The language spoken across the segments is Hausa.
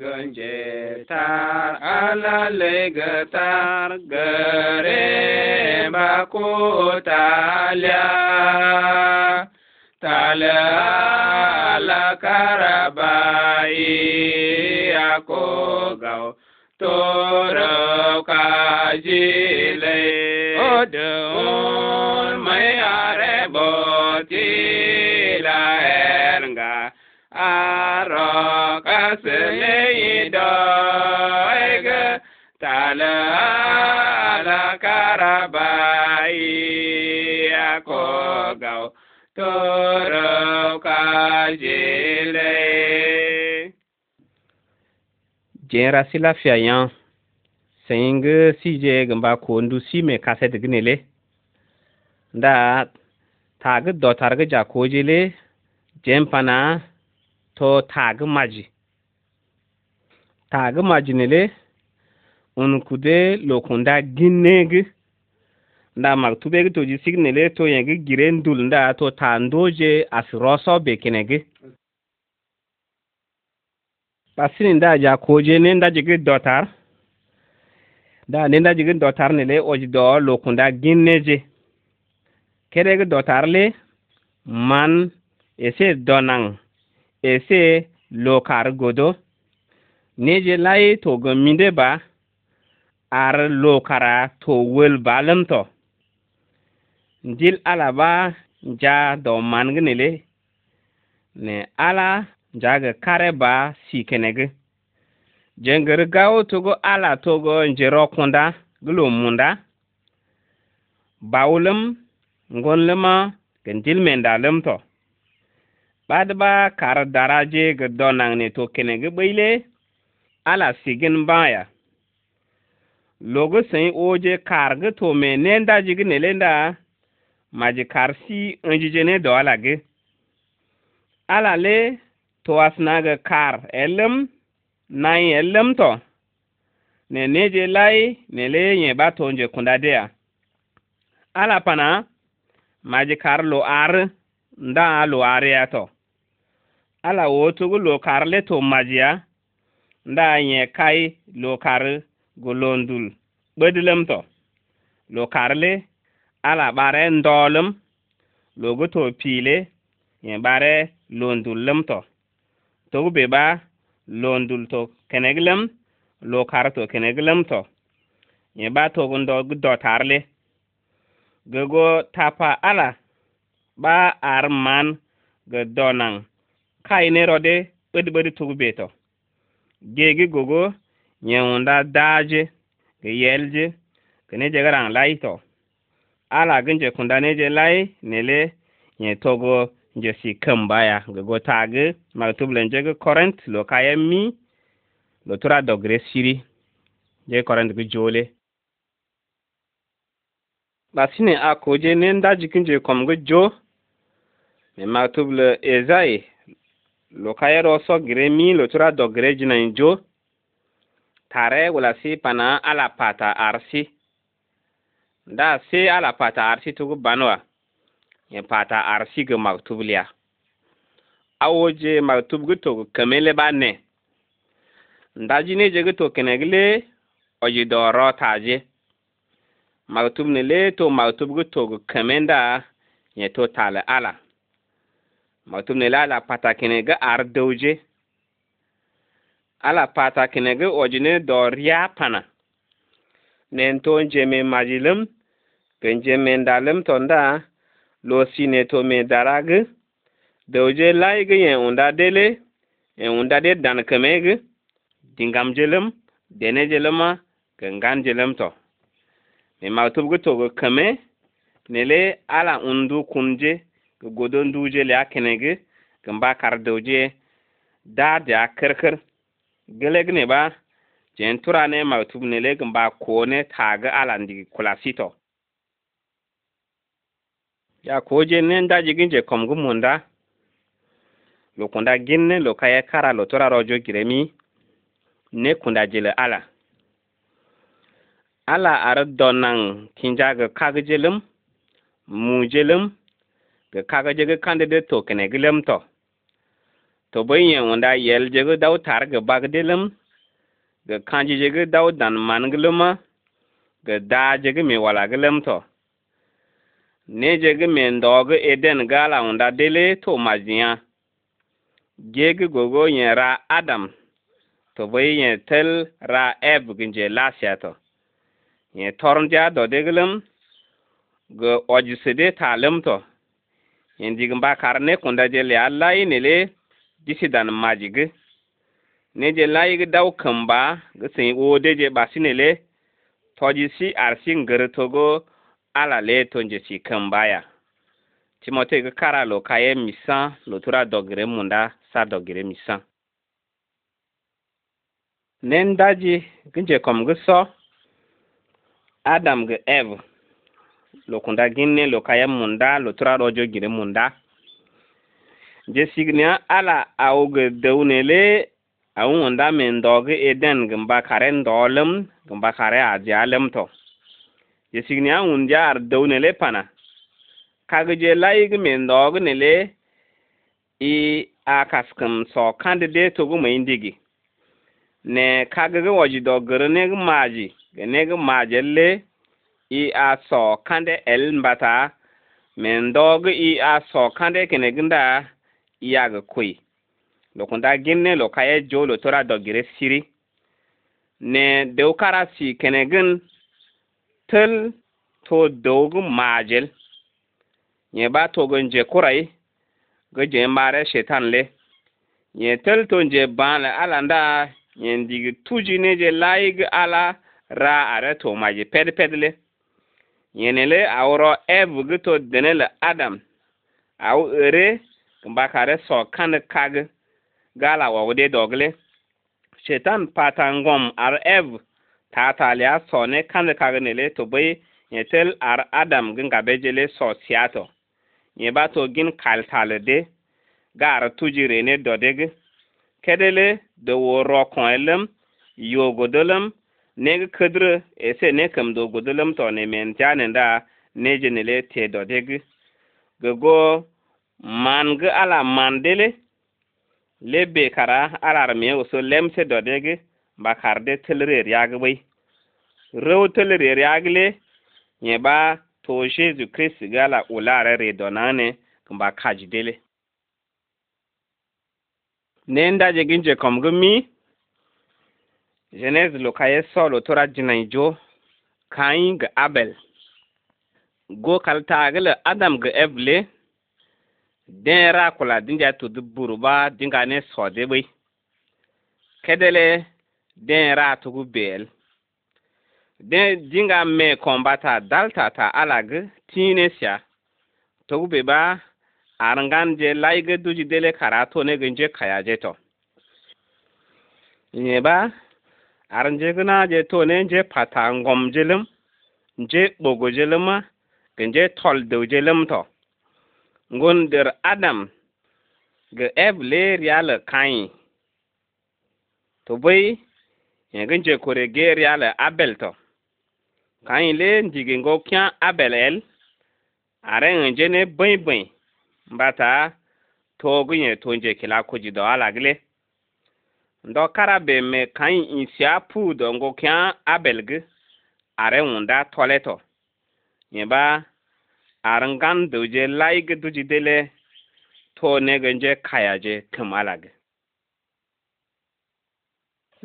ganje tar alale gatar gare bako talia tala la karabai ako gao toro kajile odon mai arebo tila ernga silido ege tala ala karabai akogao toro kajile. Jera sila fiayan, sengi sije gamba kondu si me kaset gnele. Da tagi dotargi jakojile, jempana to tagi maji. taaga majinele unkude lokunda ginnegi nda mag tubegi toji signele to yegi gire ndul nda to tandoje asiroso bekinegi pasini nda ja koje ne nda jigi dotar da ne nda jigi dotar nele oji do lokunda ginneje keregi dotar le man ese donang ese lokar godo Neje lai to gaminde ba ar lokara to wel balamto dil alaba ja do mangnele ne ala jaga kare ba sikenege jengir gawo togo ala togo njero kunda gulo munda bawulum ngon lema gendil menda lemto badba kar daraje gdo nangne to kenege beile ala sigin baya logo sai oje karga to me nenda jigi ne lenda maji karsi unjije ne do ala ge ala le to ga kar elem nai elem to ne neje lai ne le ye ba to nje dea ala pana maji kar lo ar nda lo to ala wotugu lo le to majiya nda nye kai lokar golondul bedlem to lokarle ala bare ndolum logo to pile nye bare londulum to to be ba londul to keneglem lokar to keneglem to nye ba to gundo gudo tarle gogo tapa ala ba arman gedonang kai ne rode bedi bedi tugu beto gege gogo nyewunda daje ge yelje kene je garang lai to ala ginje kunda ne je lai nele nye togo nje si kambaya ge go tage magtub lenje ge current lo kaya mi lo tura dogre siri je current ge jole basine a koje ne nda jikin je kom ge jo me magtub le ezai lo ka yero so gire mi lo tura do gire jina injo tare wala si pana ala pata arsi da si ala pata arsi tugu banwa ye pata arsi ge maktub liya awoje maktub ge togu kamele ba ne da jine je ge to kenegle oji do ro taje maktub ne le to maktub ge togu kamenda ye to tale ala matum ne la patakene ga ar dauje. ala patakene ga ojine do riya pana nen ton jeme majilum ken jeme to nda, lo sine to me darag dawje layga yen unda dele en unda de dan kemeg dingam jelum dene jeluma gangan jelum to me matum go to keme nele ala undu kunje godon duje le akenege gamba kardoje da da kirkir geleg ne ba jen tura ne tub ne le gamba kone taga alandi kulasito ya koje ne da jigin je komgu munda lo kunda ginne lo kaya kara lo tura rojo giremi ne kunda jele ala ala ar donan kinjaga kagjelum mujelum ga kaga jege candidate to kene gilem to to bai yen wanda yel jege daw tar ga bagdelem ga kanji jege daw dan man gilema ga da jege me wala gilem to ne jege me ndog eden gala wanda dele to majiya jege gogo yen ra adam to bai yen tel ra eb ginje lasya to yen tornja do deglem ga ojisede talim to yendig mbakar ne kunda jelle allayi nele disidan majig ne je layig daw je gsin wodeje basinele toji si arsi ngere togo ala le tonje si kambaya timote gi kara lo kaye misan lo tura dogire munda sa dogire misan nen daji ginje kom gi so adam gi eve lo kunda ginne lo kaya munda lo rojo gire munda je signia ala auge deunele awun wanda men doge eden gamba karen dolum gamba kare ajalem to je signia unja ar deunele pana kage je laig men doge nele i akaskum so candidate to gumo indigi ne kage waji dogere ne maji ne maji le i a so kande el mbata men dog i a so kande kene ginda yag kui kunda ginne lo kaye jo lo tora dogire siri ne deukara kene gin tel to dog majel nye ba to nje kurai je mare shetan le nye tel to nje ban alanda nye tuji ne je laig ala ra are to maji ped ped le yenele awro ev gito denele adam aw ere mbakare so kan kag gala wawde dogle shetan patangom ar ev tatalia sone kan kag nele to bay yetel ar adam ginga bejele so siato yeba to gin kaltalde gar tujirene dodeg kedele de woro kon yogodolem neg kedr ese ne kemdo gudulum to ne men tianen da ne jenele te dodeg gogo mangi ala mandele le kara alar me uso lemse dodeg bakarde telrer yagbai rew telrer yagle nye ba to jesu kristi gala ulare redonane kmba kajdele nenda jegin jekomgi mi Genèse lokaye solo tora jinai jo kayin ga Abel go Adam ga Evle den ra kula dinja to dubburu dinga ne sode bai kedele den ra to den dinga me kombata dalta ta alag tine sya to ba arangan je laiga duji dele karato ne ganje kayaje to ba ar njegi na je to ne je pata ngom nje je ɓogo jelima nje je de jelim to. Ngun der Adam ge le rial kai To bai yegin je kore ge rial Abel to. kai le njigi ngo kyan Abel el. Are nje ne bai bai mbata togu to tonje kila kuji do ala gile. ndokara be me kan pu pudo ngo kya abelg are unda toleto yeba arangan doje laig duji dele to ne ganje kayaje kamalag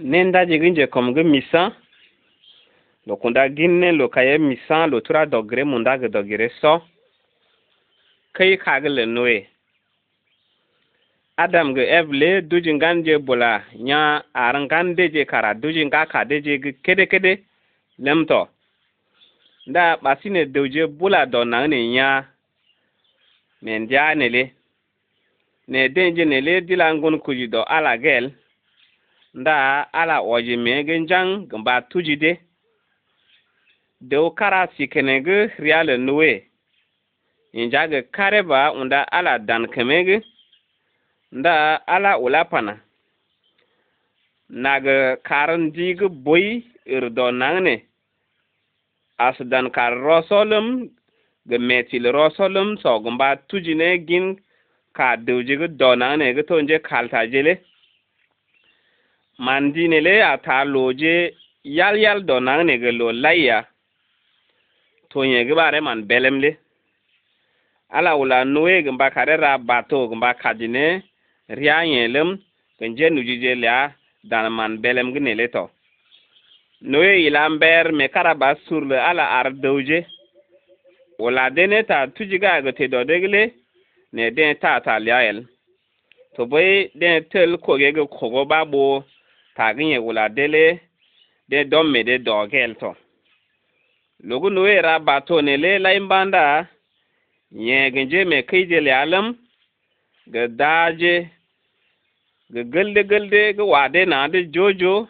nenda jiginje komge misa lo kunda ginne lo kaye misa lo tura dogre mundage ge so kai kagle noe adam ge evle dujin ganje bula nya aran deje kara dujin ga ka deje ge kede kede lemto da basine doje bula do na ne nya men ja ne le ne denje ne le dilangun kuji do ala gel nda ala oji me ge jang gamba tuji de o kara sikene ge riale nuwe injage kareba unda ala dan kemege nda ala pana naga karan dig boy irdo nangne dan kar rosolum ga metil rosolum so gumba tujine gin ka deuje ge do nangne ga tonje kalta jele le ata loje yal yal do nangne ga lo laya tonye ge bare man belemle ala ula noe gumba kare ra bato gumba kadine rya yẽelem tɩ n ges nu-zizeel yaa dãn man bɛlem g nele tɔ noye yɩla n bɛɛr me karaba surle ala ar deuze wala dene ta tujiga g tɩ dɔdegle ne dẽ taataal yaɛl tɩ bɩ dẽ tel koge g kogo ba boo t'a g yẽ wala dele dẽ dɔm de dɔɔgɛl tɔ logu noye ra bato ne le la n bãnda yẽeg n je me kɩɩdel yaalem g je. ga gelde gelde ga wade na de jojo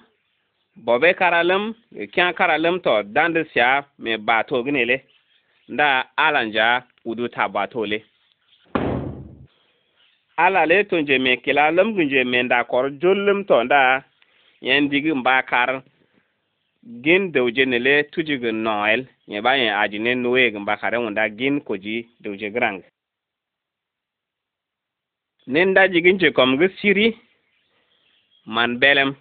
bobe karalem ga kyan karalem to dande siya me bato gnele nda alanja udu ta bato le ala le to je me kila gunje me nda kor jollem to nda yen digi mbakar gin dewje nele tujigi noel nye ba yen ajine nuwe gi kare wunda gin koji dewje grang ninda jigin je kom gi siri Man belem.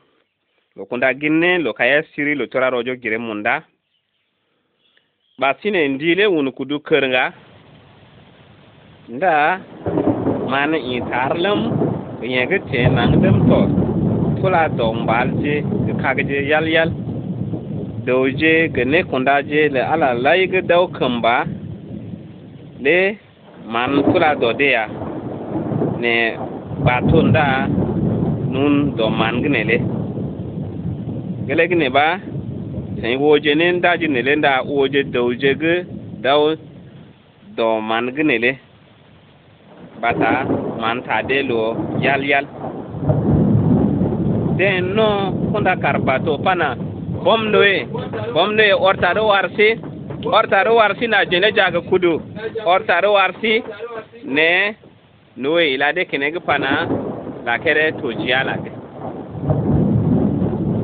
Lo konda gine, lo kaya siri, lo tola rojo girem mwenda. Basine ndile un kudu kerenga. Nda, man itarlem. Gwenye ge te, nang dem to. Tola do mbalje, kageje yal yal. Doje, gwenye konda je, le ala lai ge do kemba. Le, man tola do de ya. Ne, baton da a. nun do man gine le gele gine ba sen woje ne da ji ne le da woje da woje ge da o gine le bata man ta de lo yal yal den no konda karbato pana bom noe bom noe ortaro warsi ortaro warsi na jene jaga kudu ortaro warsi ne noe ilade kenege pana lakere tojia lage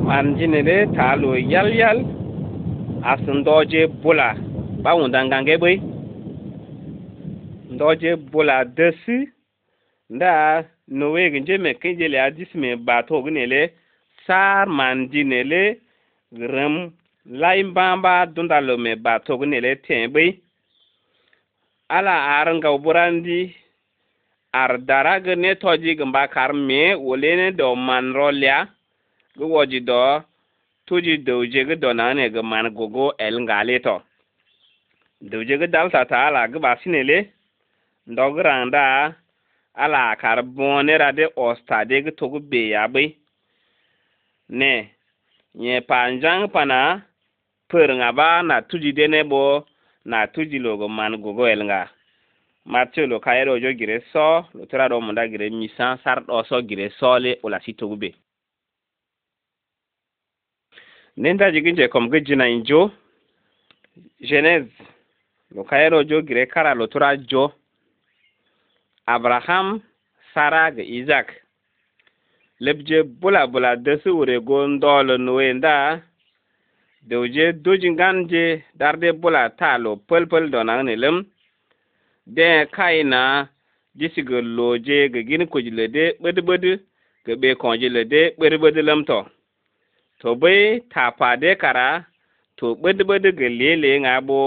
ta talo yal yal doje bula bawo dangange bwe doje bula desi nda nowe ginje me kinjele adisme bato gnele sar man jinele gram layin bamba dundalo me bato gnele tembe ala arangaw burandi ar daraga ne toji gamba karme wolene do manrolia gwoji do tuji doje ga donane ga man gogo el nga ngale to doje ga dalta ta ala ga basinele ndogranda ala karbone rade ostade ga togu be yabai ne nye panjang pana nga ba na tuji dene bo na tuji logo man gogo el nga. Matyo lokaye rojo gire so, lo tura do munda gire misan, sart oso gire so le ou la sito gube. Nen da jikin je kom gwe jina in jo, jenez lokaye rojo gire kara lo tura jo, Abraham, Sarah, ge Isaac, leb je bula bula desi ou re gondol nou en da, de ou je do jingan je darde bula ta lo pel pel donan en lem, de kaina disg looje ga gin kujile de bade bade ga ɓe kõojile de bade bade lamto to be t'a de kara to bade bade ga lele nga bo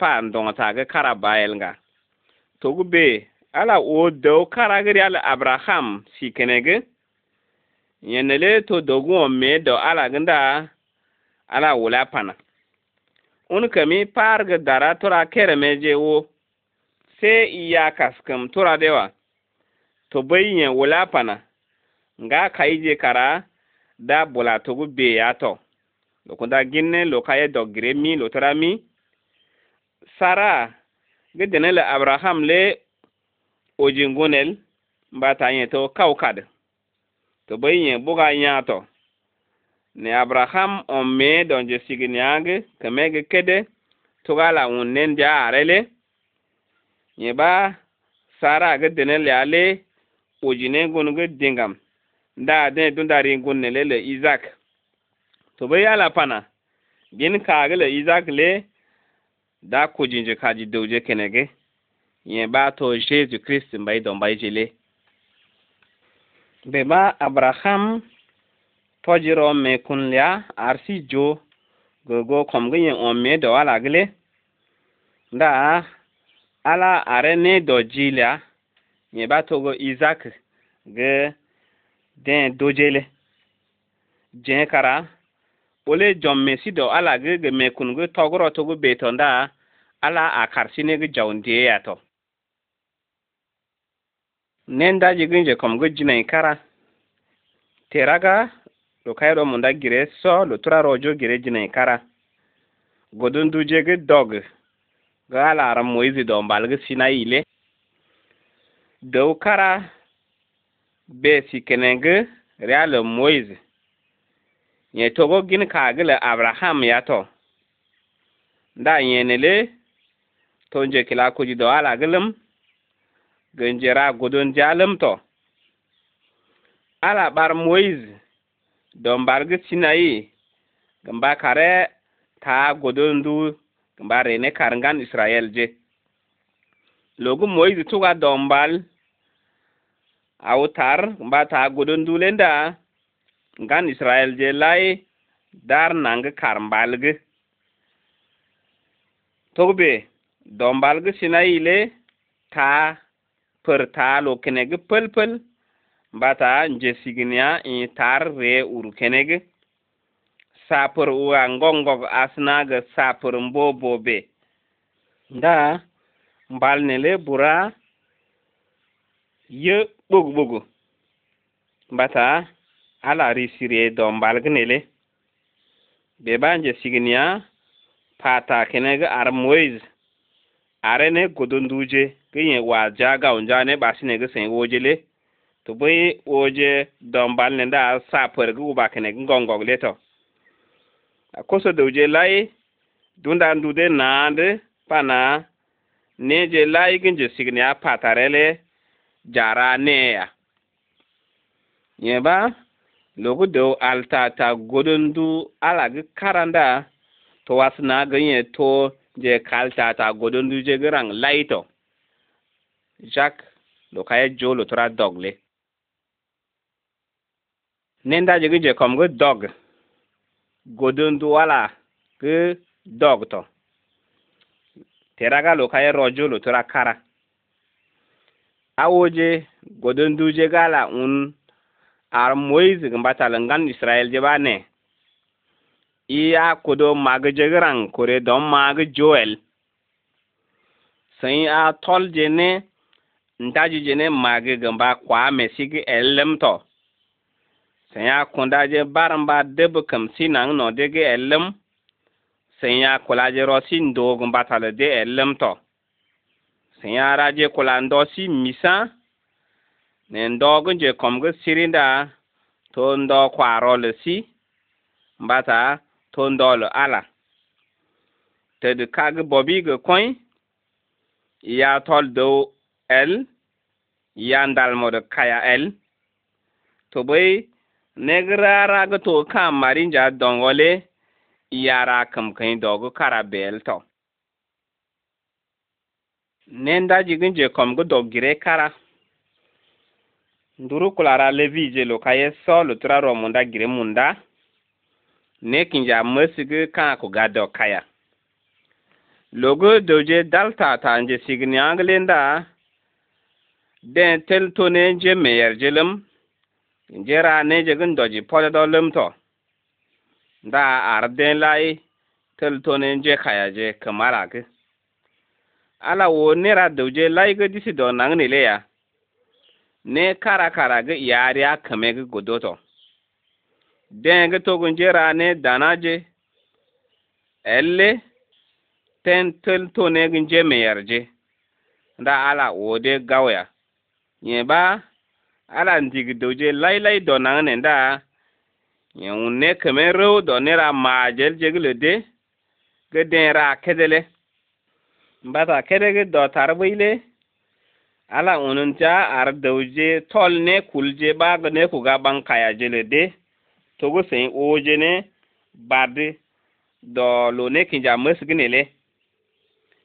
pa ndong ta ga kara nga to gu be ala o oo kara ga ala abraham si kenege yenele to dogu o me ala ganda ala wula pana kami par ga dara tora me je wo tura da yawa, to bayyan wula pana nga kayije kara da bulatogu beyato lokunda ginne lokaye dogire mi lotura mi sara gedene la abraham le ba ta yi to kawkad to bayyan buga to, ne abraham on me donje siginiage kemege kede tugala wunnen arele. yeba sara ga dene le ale ojine gun ga dingam da de dun da rin gun le le to bai pana ka ga le izak le da ko jinje ka ji doje kenege ye ba to jesu christ bai don bai jele be ba abraham tojiro me kunlya arsi jo gogo komgin on me do ala gile da ala are ne dojila nye ba togo izak ge den dojele jen kara ole jom mesi do ala ge ge mekun ge togro togo betonda ala a karsine ge jaundiye ya to nen daji ge je kom ge jinai kara teraga lo kayro munda gire so lo turaro jo gire jinai kara godun duje ge dog galara moise don dombalg sina yile dou kara be sikeneng rialo moise nye togo gin kagile abraham ya yato nda yenele nje kila kuji do ala gilum genjera godon jalum to ala bar moise dombalg sina yi gamba kare ta godon du mbare ne kargan israel je logu moise tuga dombal awtar mba ta godon dulenda ngan israel je lai dar nang karmbalg togbe ge sina ile ta per ta lo ge pel pel mba ta in tar re uru ge. sapur uwa ngongog asnaga sapur mbobo be nda mbal nele bura ye bog bugu. bata ala risire do mbalgnele be banje signia, pata kenega ar moise arene gudunduje, kinye wa jaga unjane basine gesen wojele to bai oje don balne da sapur gu bakene kene ngongog leto koso do je lai dunda ndude nande pana ne je lai ginje signi a patarele jara neya yeba logo do alta ta godondu gi karanda to wasna ganye to je kalta ta godondu je garan laito jak lo kaye jolo tora dogle nenda je kom go dog godondu wala ge dogto teraga lokaye rojulu tura kara awoje godonduje gala un ar moise gmbatal ngan israel je bane iya kodo mag jegran kore dom mag joel sai a tol je ne ndaji je ne mag gmba kwa mesigi elemto sẽn yaa kõdaje barin ba kem sɩna nan no dege ɛllem sẽn ya kolaje rao sɩn doog n batal de ɛllem tɔ sẽn ya raje kola n dao sɩ ne n daoog sirinda je kõmg sɩrẽnda tɩ n dao koa raoole sɩ n bata tɩ n ala tɩ d kag bobɩɩge kõe ya tol do ya ndal mo de kaya el to bɩ negrara to kan marinja dongole yara kam kain dogo kara to nenda jigin je kom go dogire kara nduru kulara levi je lo kaye so lo tura ro munda gire munda ne kinja mesigu kan ko gado kaya logo doje dalta tanje signi anglenda den tel tonen je meyer jelem njera ne jegin doji pode do limto da arden lai tel tone je khaya je kamara ke ala wo nera je lai ga disi do nang ni le ya ne kara kara ga yariya kame ga godoto den ge to jera ne dana je elle ten tel tone gunje je da ala wo de gawya nye ba ala ndigi doje lailai do nang ne da yau ne kame rew do ne ra ma jel jegle de ge den ra kedele mbata kedege do tarbaile ala ununta ar doje tol ne je ba ne ku ga ban kaya jele de togo sen oje ne bade do lo ne kinja mesgnele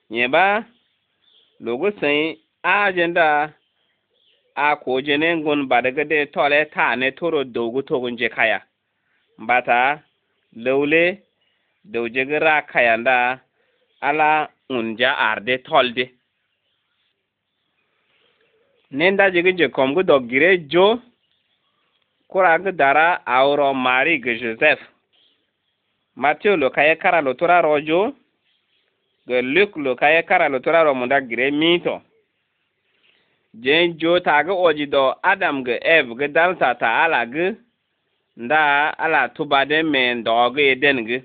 nyeba logo sen da. a ko akujenen gun badagade tole ta ne toro dogu togun je kaya bata lewle kaya da ala unja arde tolde nenda jigi je komgu gire jo kuragi dara auro mari gu joseph matthew lo kaya kara lo jo gu luk lo kaya kara lo ro munda gire mito jenjo taga do adam ga ev ga dansa ta ala ga nda ala tuba den men doga eden ga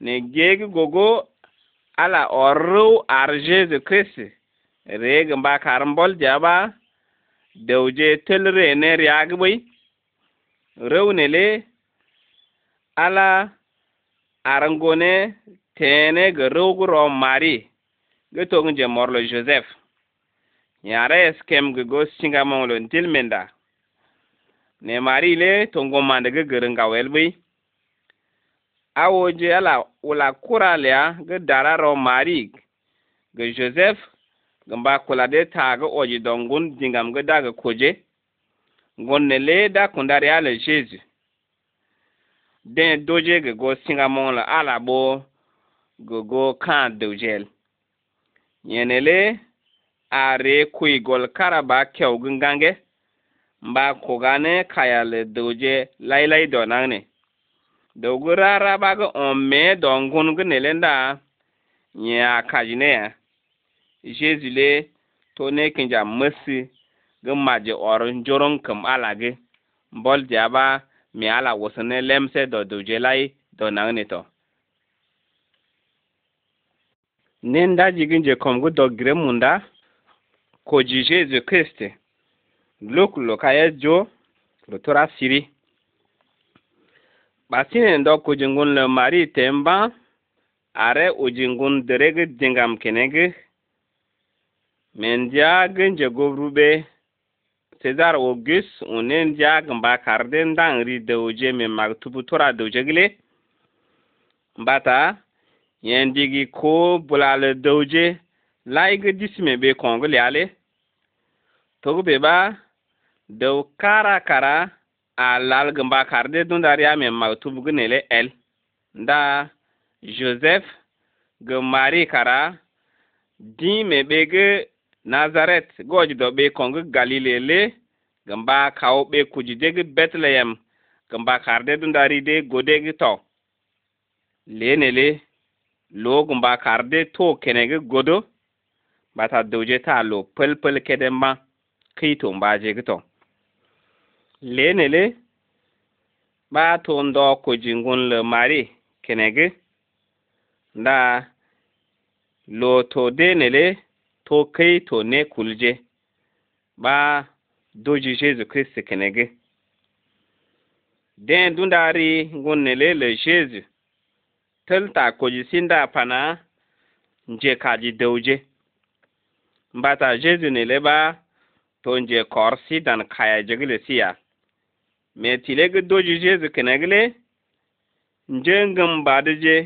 ne gege gogo ala orru arje de krisi rege mba karambol jaba tel re ne riag bai ne le ala arangone tene ga ro mari ga tognje morlo joseph yãara ya skɛmg go-sĩnga moonglo n tɩl menda ne mari le tongo mandg gereng a welbi a woje ala wla kura lya g dara ro marik g joseph g mba kula de taag oji dongun dingam g dag koje gonne le da kundari ala jesu den doje g go sĩnga moonglo ala bo g go kãa dojɛl yẽne le are kuygol karaba kewgengange mba kugane kayale duje laylay donangne dogra rabaga omme dongungu nelenda nya kajineya jesus le to ne kinja masi ga maje oron joron kam alage bol jaba mi ala wosane lemse do duje lay donangne to nenda jigin je komgu dogire munda koji Jésus Christ lokulo kaya jo lo tora siri basine ndo kujingun le mari temba are ujingun derege dingam kenege men jagen je gobrube César Auguste unen jagen ba karden dan ri deuje men tura tora deuje gile mbata yendigi ko bulale deuje laige disime be kongole ale togubeba ba kara kara a lalgumba karde dundar yamen mag tubgunele el nda joseph ge mari kara dime ɓe ga nazaret goj do be konge galilele ge mba kawo be kujide ge betlehem ge mba karde de gode to lenele lo ge mba karde to kenege godo bata dowje ta lo pel pel ma to, ba je gito lenele ba to ndo ko jingun le mari kenege da lo to denele to kai to ne kulje ba doji jesu Christ kenege den dundari ne le Jesu? tel ta koji sinda pana nje kaji deuje mbata ne le ba ton je korsi dan kaya jigle siya me tilege doji je zikinegle nje ngam badje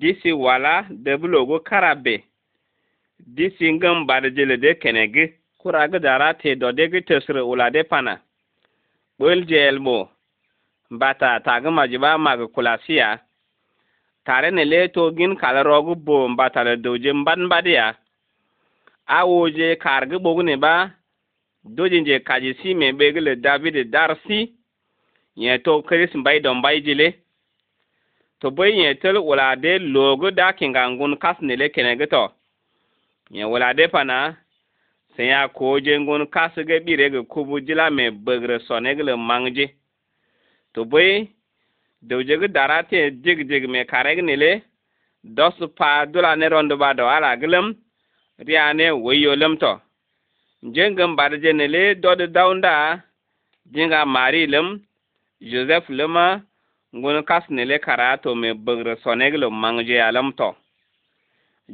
disi wala debulogo karabe disi ngam badje le de kenege kuraga dara te dodege tesre de pana bol je elmo bata tagama majiba maga kulasiya tare ne le togin kala rogu bo mbata le doje mban badiya awoje karga bogu ne ba doji je kaji si me begele david darsi ye to chris mbay do mbay jile to boy ye tel wala de logo da kingangun kasne nele kenege gito. ye wala de pana se ko jengun kasge birege kubu jila me begre sonegle mangje to boy dewjege darate jig jig me karegne le dos pa dula ne rondo ba do ala glem riane wayo lemto njengambarjenele dod daunda jinga mari lem joseph lema ngun kas nele to me bengre soneglom mangje alam to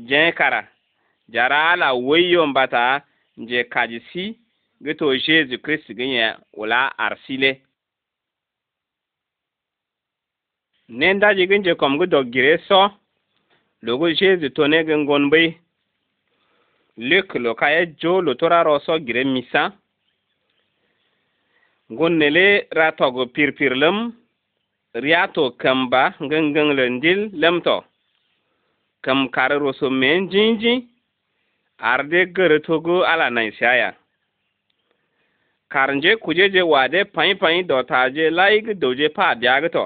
jen kara jara ala weyo mbata nje kajisi gito jesu kristi ginye wala arsile nen daji ginje kom gido gire so logo jesu to ne gingon bai Luc lo kayejjo lo so giren misa gunnele ratogo pirpirlem riato kamba le ndil lemto kam kararoso men jinji arde geretogo ala naisaya karnje kujeje wade pai pai dotaje laig doje pa diagto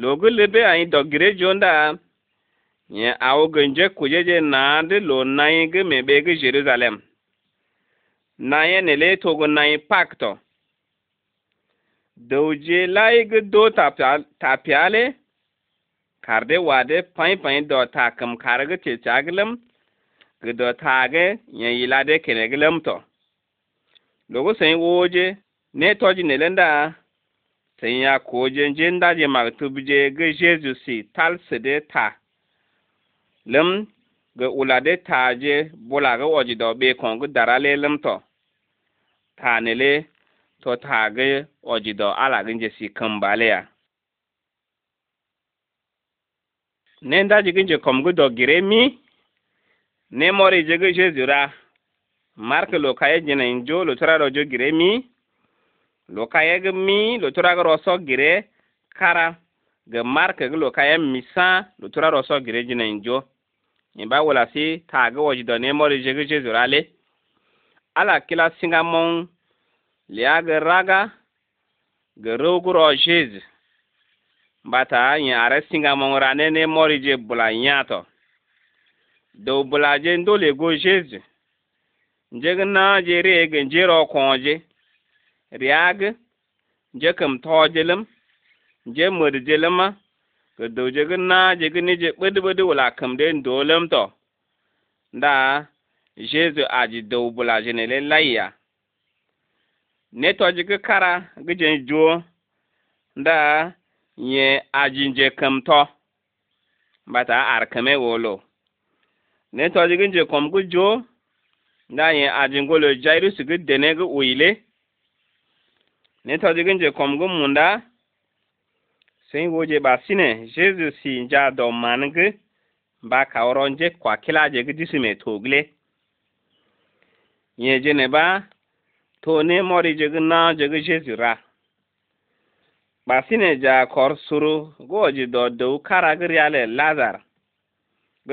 logo lebe ai gire jonda nye awoge gunje kujeje na de lo na yi ge me be ge jerusalem na ne le togo na pakto douje la ge do tapiale karde wade pai pai do takam karge ce chaglam ge do tage nye yi kene glam to logo sai woje ne toji ne lenda sai ya koje nje mag tubje ge jesus si tal sede ta lem ge ulade taje bulage ojido be kongu darale lem to tanele to tage ojido alagin je si kambale ya nenda jigin je komgu do gire mi ne mori je jezura mark lo kaye jina injo lo tora do jo gire mi lo kaye mi lo tora ro so gire kara ge marke gilo kayan kaya misa lo tura ro so gire jina injo in ba wala si ta ge wo da nemo mo re je ge jesu ala kila singa mon raga ge ro gu ro jesu bata yin are singa mon ra ne ne je bula nyato do bula je ndo le go jesu nje ge na je re ge nje ro konje riage je kem tojelem je məri je gə na je gə ni je ɓədi ɓədi wala kəm de ndoo lem to nda jesu aji dou bula jene le laiya ne to je gə kara gə je nda nye aji je bata ar keme wolo ne to je gə je kom gə nda nye aji ngolo jairu su dene gə uile ne to je gə je kom gə munda goje ba sine jesu si nja do mangi ba kawronje kwa kilaje me togle ye jene ba to ne mori gna na jegi jesu ra ba sine ja kor suru goji do do kara giriale lazar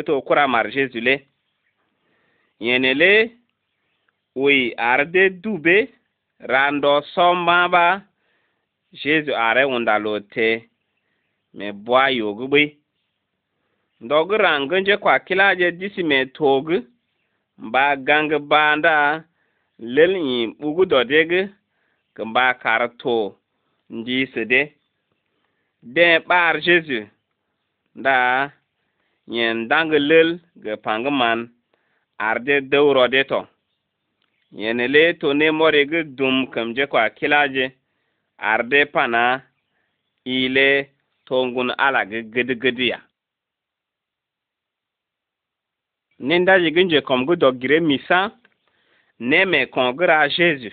to kura mar jesu le ne le wi arde dube rando somba ba jesu are wundalo te me bwa yogu bai dogu rangunje kwa kilaje disi me togu mba gangu banda lil yi bugu dodegu gamba karto ndi sede de bar jesu da yen dangu lil ga pangu man arde dawro de to yin le to ne more gu dum kamje kwa kilaje arde pana ile tongun ala gidi gidi ya nenda jiginje kom gu do gire misa neme kon gira jesu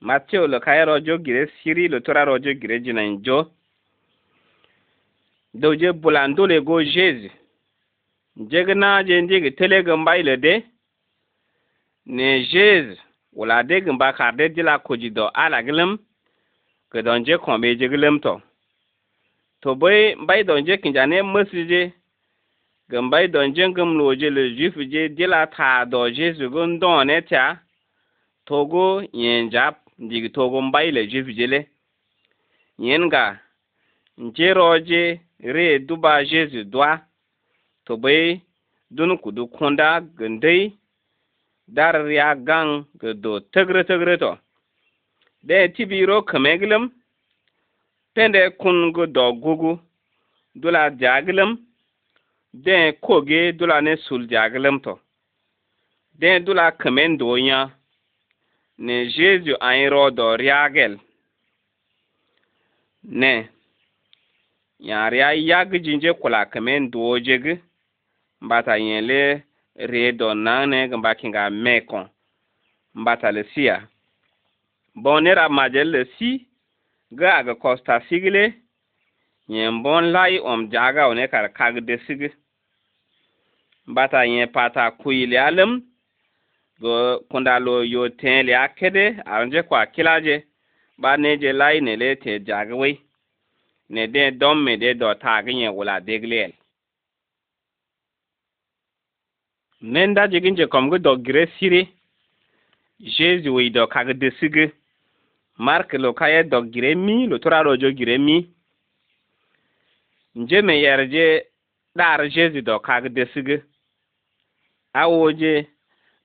mateo lo kaya rojo gire siri lo tora rojo gire jina injo doje bulando le go jesu jegna jendi gi tele gamba ile de ne jesu wala de gamba karde dila koji do ala gilim gidonje kon be jigilem to to bai bai donje kinjane je, gem bai donje gem loje le jifuje dila ta doje zugun done ta togo yenjap to togo mbai le jifujele yenga roje re duba jesu dwa to bai dun kudu kunda gandei dar ya gang ga do tegre tegre to da tibiro kemeglem pẽde kũngo gugu dola zagilem dẽẽ koge dola ne sul zagilem to dẽẽ dola kemen doo yã ne jesu ãn rao dɔ riagɛl ne yãaria yag jinje kola kemen doo jegi n bata yẽ le ree dɔ naŋ ne n ba kẽnga mɛ kõ n bata si ga aga kosta sigile yen bon lai om jaga one kar kag de sig bata yen pata kuile alam go kondalo yo tele akede anje kwa kilaje ba neje lai ne le te jagwe ne de dom me de do tag yen wala deglel nenda jiginje kom go do gre sire do kag de sigile Mark lo kaye dog mi, lo tora lo jo mi. nje me yerje dar jezi do kag desig awoje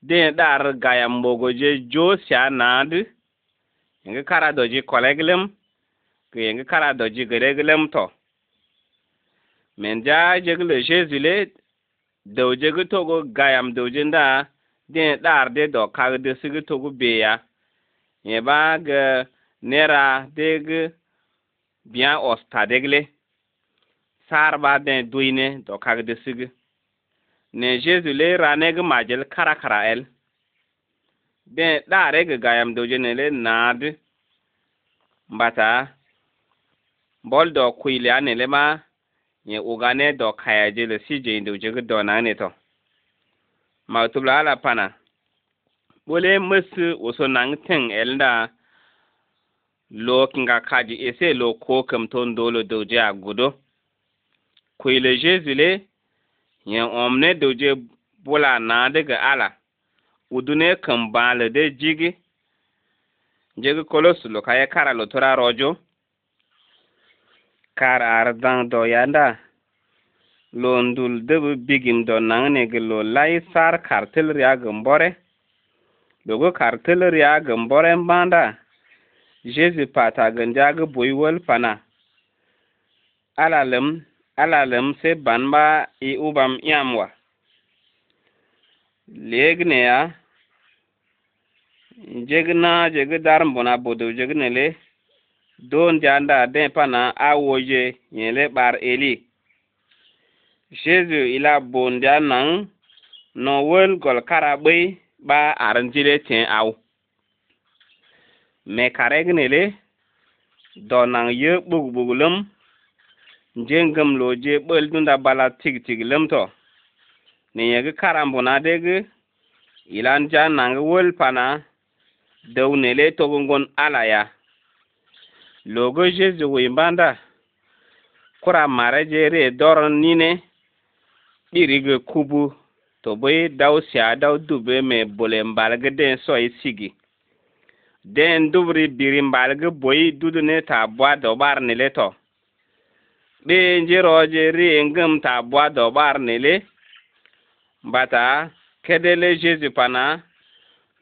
den dar gayam bogo je jo sha nad nge kara do je koleglem ke nge kara do je gereglem to men ja jegle jezi le do je go togo gayam do je nda den dar de do kag desig togo beya ga eh, nera deg bɩa os tadegle duine do dʋɩne de sig ne jesu le ra neg majel de da re ga gayam doje ne le nad mbata. bol do kuile a ne le ma yẽ ugane do dɔ je le si jeĩ je g do na ne to ma tʋbla la pana bole mes woso nang teng elda lo kinga kaji ese lo ko kam ton dolo doje a gudo kuile jezile yen omne doje bula na daga ala udune kan bala de jigi jigi kolos lo kaya kara lo tora rojo kar ardan do yanda lo ndul debu bigim do nangne lo lai sar kartel riagin bore Dogo karteler ya gen boren banda. Jezi pata gen jage boywel pana. Alalem, alalem se banba i ubam yamwa. Legne ya. Jegna jege darm bona bodo jegne le. Don janda den pana a woje yen le bar eli. Jezi ila bon janan. Non wel gol karabey. ba arrangile tiẽ ao me kareg ne le donan ye bugbuglem jengem lo je ɓel dunda bala tigtiglem to ne yegi karambuna degi ilan ja nangi wol pana dew ne le togungon ala ya logo jesu wimbanda kura mare je re doron nine ɓirigi kubu to bai daw siya daw dube me bole mbalge den so e sigi den dubri biri mbalge boyi dudune ta bwa do bar nele to be njiroje ri ngum ta bwa do nile. mbata bata kedele jesu pana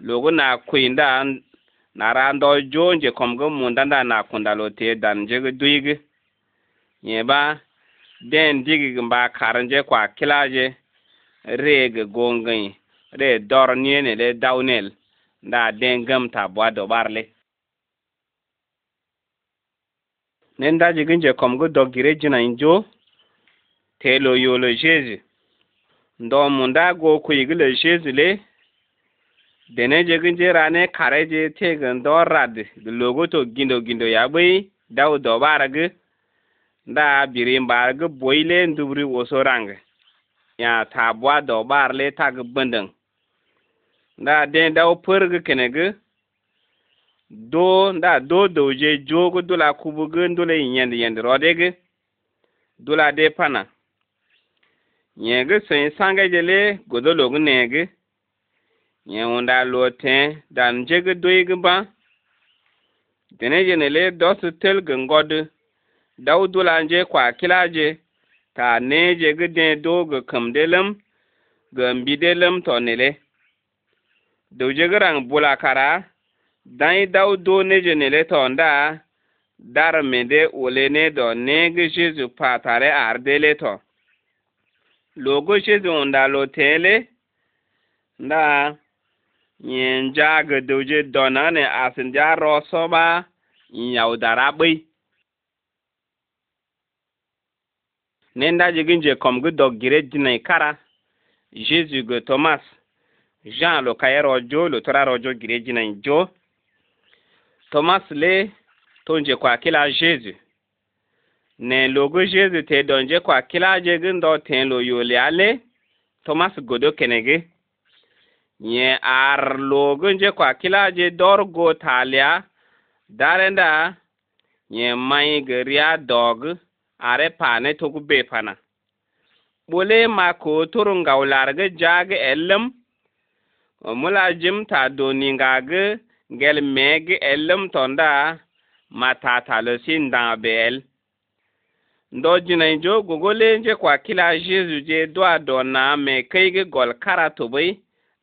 logo na kuinda na rando jonje komgo munda na kundalo te dan jege duigi nyeba den digi mba karanje kwa kilaje reg gongi re dor niene le dawnel da dengam ta bwa do barle nen da jigin je kom go dogire jina injo telo yolo jesu ndo munda go ku igile jesu le dene jigin je rane kare je tegen do rad logo to gindo gindo ya bai daw do barag da birimbarg boyle ndubri woso range ya ta bwa do bar le ta ga bandang da den da o per ga kene ga do da do do je jogo dula kubu ga dula yende yende ro de ga dula de pana nye ga sen sanga je le godolo ga ne ga nye wanda lo ten da nje ga do ga ba dene je ne le do su tel ga ngodu da u dula nje kwa kila kilaje ta ne jege den do ga kam delem ga mbi delem to nele do jege rang bula kara dan daw do ne je nele to nda dar de ole ne do ne ge jesu patare ar dele to logo jesu nda lo tele nda nyen do na ne asin ja rosoba nyaudara bai ne nda jigin je kom gu dog gire dinai kara jésus gu thomas jean lo kayero rojo lo tora rojo gire dinai jo thomas le to je kwa kila jesu ne logo jesu te don je kwa kila je gin do ten lo yole ale thomas godo kenege nye ar logo je kwa kila je dor go talia darenda nye mai gria dog are paane togu be pana ɓole ma ko toru ngaw large jaage ellem mula jim ta doni ngage ngel meege ellem tonda ma ta sin daŋa be el ndo jinaijo gogolenje kwa kila jesu je doa do na me keige gol kara tobai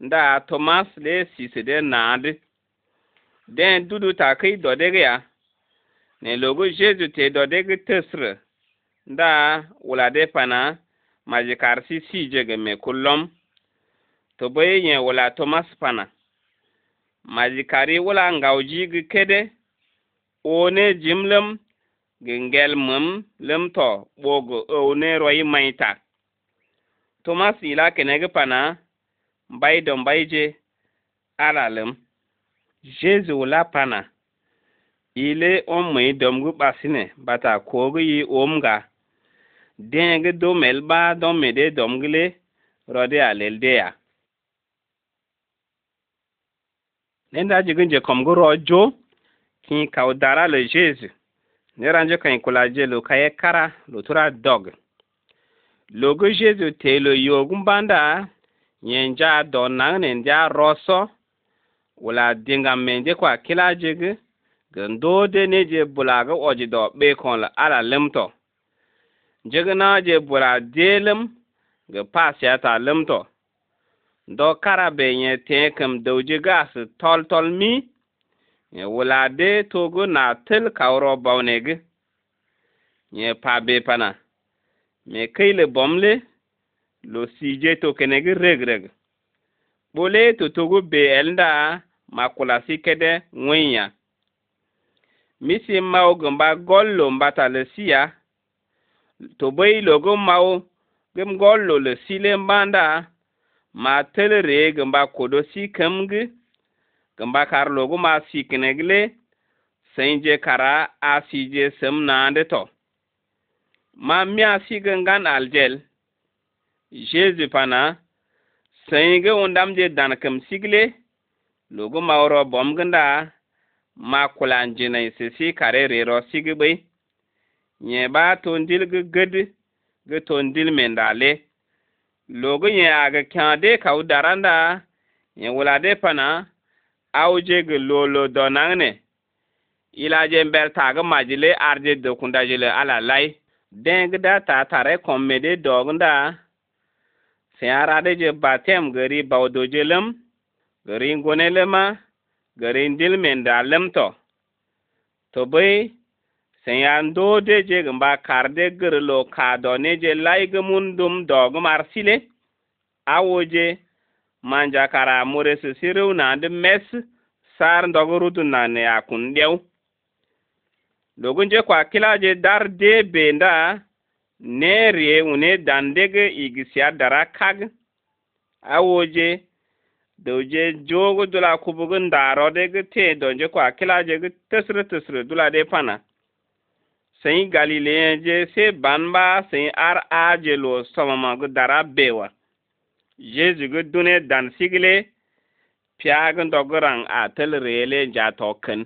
nda thomas le siside naadi den dudu ta kai dodege ya ne logo jesu te dodege tesre nda wulade pana majikarsi sijege me kullum to boye wula Thomas pana majikari wula ngaujigi kede one jimlem gingel mum lem bogo one royi maita tomas ila kenege pana mbai do mbai je alalem jesu wula pana ile omwe domgu basine bata kogi yi omga Dẽege domɛl baa dɔmede dɔmgele rɔde a lel deya. Nenda jigin je komgo rojo kin kaw dara le Jésus. Neranje kan kulaje lo kaye kara lo tura dog. Logo Jésus te lo yogum banda nyenja do nang nenja roso wala dinga mende kwa kila jigi gendode neje bulaga ojido bekon la ala lemto. Jig na je bura deelum ga pas ya ta limto. Do kara be nye tenkem dauji gas tol tol mi. Nye wula de togo na til kawro bawne ge. Nye pa be pana. Me kayle bomle lo sije to kenege reg reg. Bole to togo be elda makulasi kede ngwenya. Misi mawgumba gollo mbata le siya. Tubai logum mau gem gollo le sile banda ma tele re gamba kodo si kemge gamba kar logo ma si kenegle kara a sije sem nande to ma mi a si aljel jesu pana sanje undam je dan kem sigle logo ma ro bom ma kulanje sisi kare ro sigbe nye ba tondil gi gid gi tondil mendale logi nye agi kẽode ka u nye wʋlade pãna auje gi loolo donaŋne ilaje n bɛr taagi majile arje dokunda jile ala lai dẽegda ta tare kõmmede doogenda sẽn a je batem gari ri baodo jelem gari ri ngone ndil menda lemto to sẽn yaa n doode jegmba karde grlo kaadõneje laygmundum doogm arsile awoje manjakara mores sirw naand mes sar ndog rudu nan yaa kũn ɗɛw logunje kwa kilaje dar de benda ne rie une dandeg igisia dara kag awoje doje jogo dula kubug ndarodeg te donje kwa kilaje tesre tesre dula de pana sẽn galilẽ je se bãmba sẽn ar a zelo sõmamg dara be wa zeezi g dũne dãn sigle piaag n dog rãng a tɩl reele n jaa taokẽn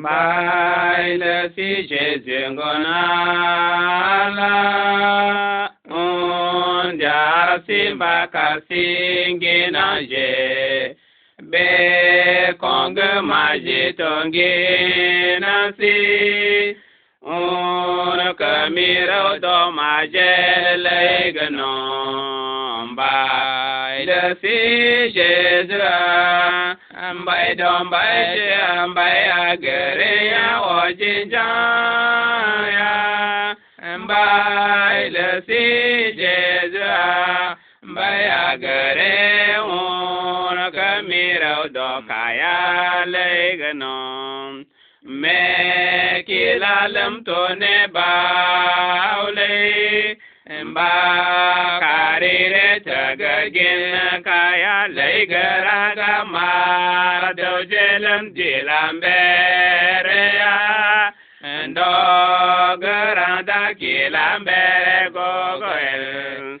mbaayla si zeezengo naala n jaar sẽn baka sẽn gẽna zee be kong ma je tong ge na si un ka mi ra do ma je le ga no ba da si je zra am ba do ba je am ba ya ga re ya o jin ya am ba da si je zra baya gare on kamira do kaya legano me kilalem to ne baule ba karire tagagin kaya legara gama dojelem dilambere ya ndogara da kilambere gogoel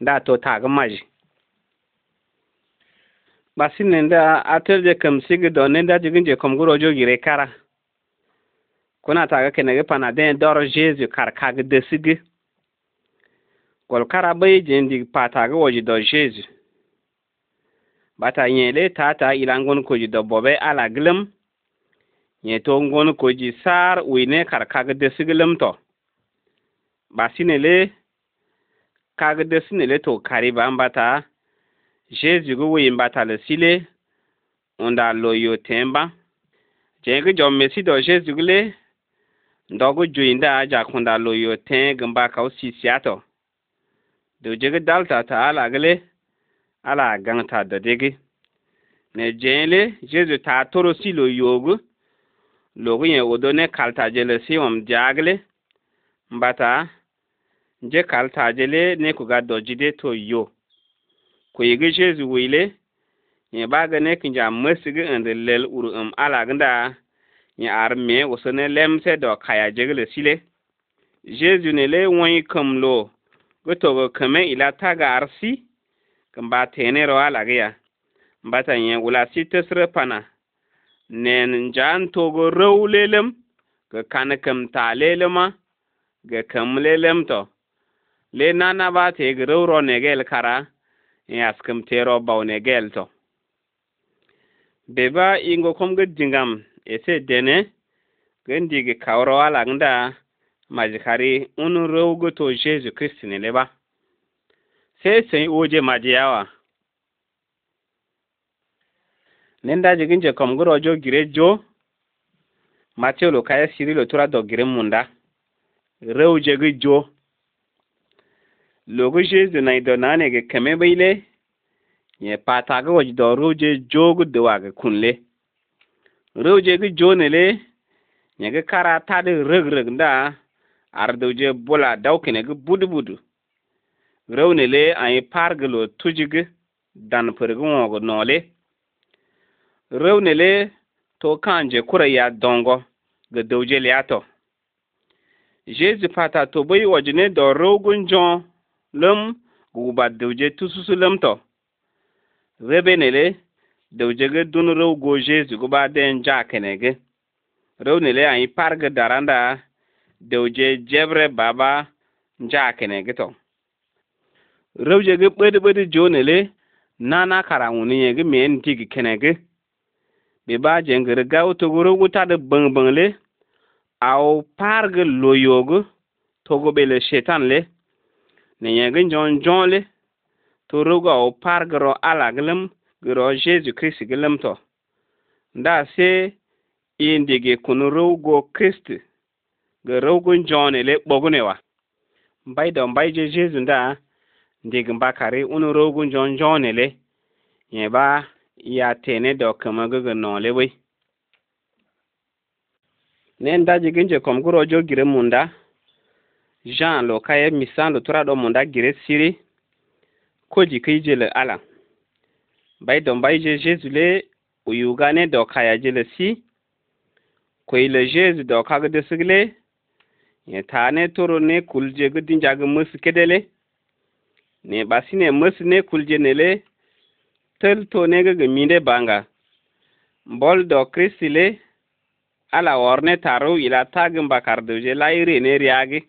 da ta ga maji basi nenda atel je kam sigi do da jigin je kam guro jogi re kara kuna ta ga kenege pana den doro jesu kar ga de sigi kol kara bai je ndi pata ga woji do jesu bata yele tata ilangon koji do bobe ala glem ye to ngon koji sar wine kar ga de sigi lemto basi le kagde sẽn ne le tɩ f karɩba n bata zeezi-gu wɩɩm bata le sile n da loyo tẽmbã zẽeg zɔm me sɩd zeezi-gu le n dɔg joɩɩndã jak n da loyo tẽeg n baka f sisiatɔ do zig dalta t'a alag le ala a gãng t'a dodege ne zẽe le zeezi t'a tor silo yoogu log yẽ wodo ne kalta jele sɩ wãm diaag le n nje ta-a-je-le ne ku gaddo jide to yo ku yigi jesu wile ye baga ne kinja masigi ande lel uru um ala ganda ye arme wosone lemse do kaya jegle sile jezu ne le wani kamlo gotogo kame ila ta ga arsi kamba tenero ala ba ta ye wula sitasre pana nen jan togo rew lelem ga kanikam ta lelema ga kam to le nana ba te groro negel kara yaskum e tero ba e negel to beba ingo kom gidingam ese dene gendi ge kawro ala ngda majikari unu rewgo to jesu kristi ne leba sai sai oje majiyawa nenda jigin je kom gro jo gire jo mateo lo kaya sirilo tura do gire munda rew je jo logushi zunaido ge keme beile ye pataga wajdo ruje jogu dewaga kunle ruje gi jonele nyege kara ta tadi reg reg nda arduje bola dawkine gi budu budu rewnele ayi pargelo tujigi dan pirgi wogo nole le to kanje kura ya dongo ga dauje liato jesu pata to bai ne do rogun jon lom gubat dewje tususu lemto rebenele dewje ge dun rew go jesu guba den jakene ge rewnele ayi parge daranda dewje jebre baba jakene ge to rewje ge bede bede jonele nana karanwuni ye ge men tigi kene ge be ba jengere gaw to goro wutade bang bangle aw parge loyogo togo bele shetan le ninyegiŋ jɔŋ to torogɔ o par gerɔ ala gelem gerɔ jesu kristi gelem tɔ daase indigi kunu rewgo kristi ge rewgun jɔŋne le ɓogune wa mbai dɔ mbai je jesu nda ndigi mbakari unu rewgun jɔŋ jɔŋne le ba ya tene dɔ kemegege nɔ le wei ne nda jigin je kom gurɔ jo gire munda Jean lo kaye misan lo tora do munda gire siri koji jiki le ala. Bay don bay je Jezu le gane do kaya jele si. Ko ile Jezu do kaga desigle. Ye ne toro ne kulje gudin jagı mısı kedele. Ne basine mısı ne kulje le Tel to ne gı minde banga. Bol do kristile ala warne taru ila tagın bakarduje lai ire ne riage.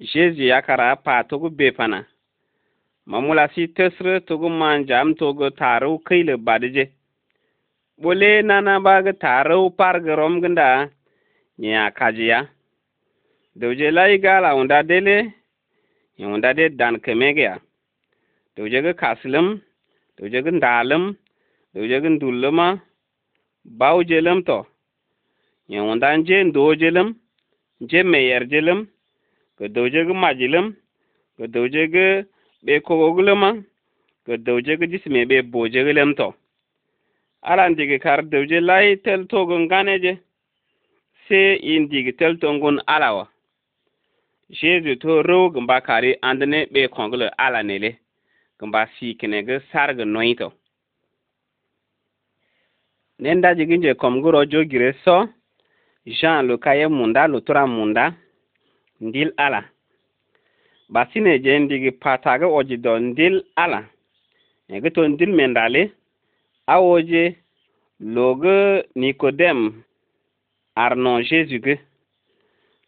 Jésus yakara patugu befana. Mamulasi tesre tugu manjam tugu taru kile badije. Bole nana bag taru pargerom genda nya kajiya. Duje lai gala unda dele unda de dan kemegya. Duje ga kaslim, duje ga dalim, duje ga dulluma bau jelim to. Nya unda nje ndo jelim, nje meyer jelim. gadawjegu majilum gadawjegu ɓe kogoguluma gadawjegu jisime ɓe bojegu lemto aran dige kar dauje lai tel togun ganeje se in dige tel tongun alawa jesu to rew gumba kari andene ɓe kongulo ala nele gumba sikinege sargu noyito nen dajigi je komguro jogire so jean luka munda lutura munda ndil ala basineje ndigi pataga oji do ndil ala ege to ndil men ndale awoje loge nikodem arno jésus ge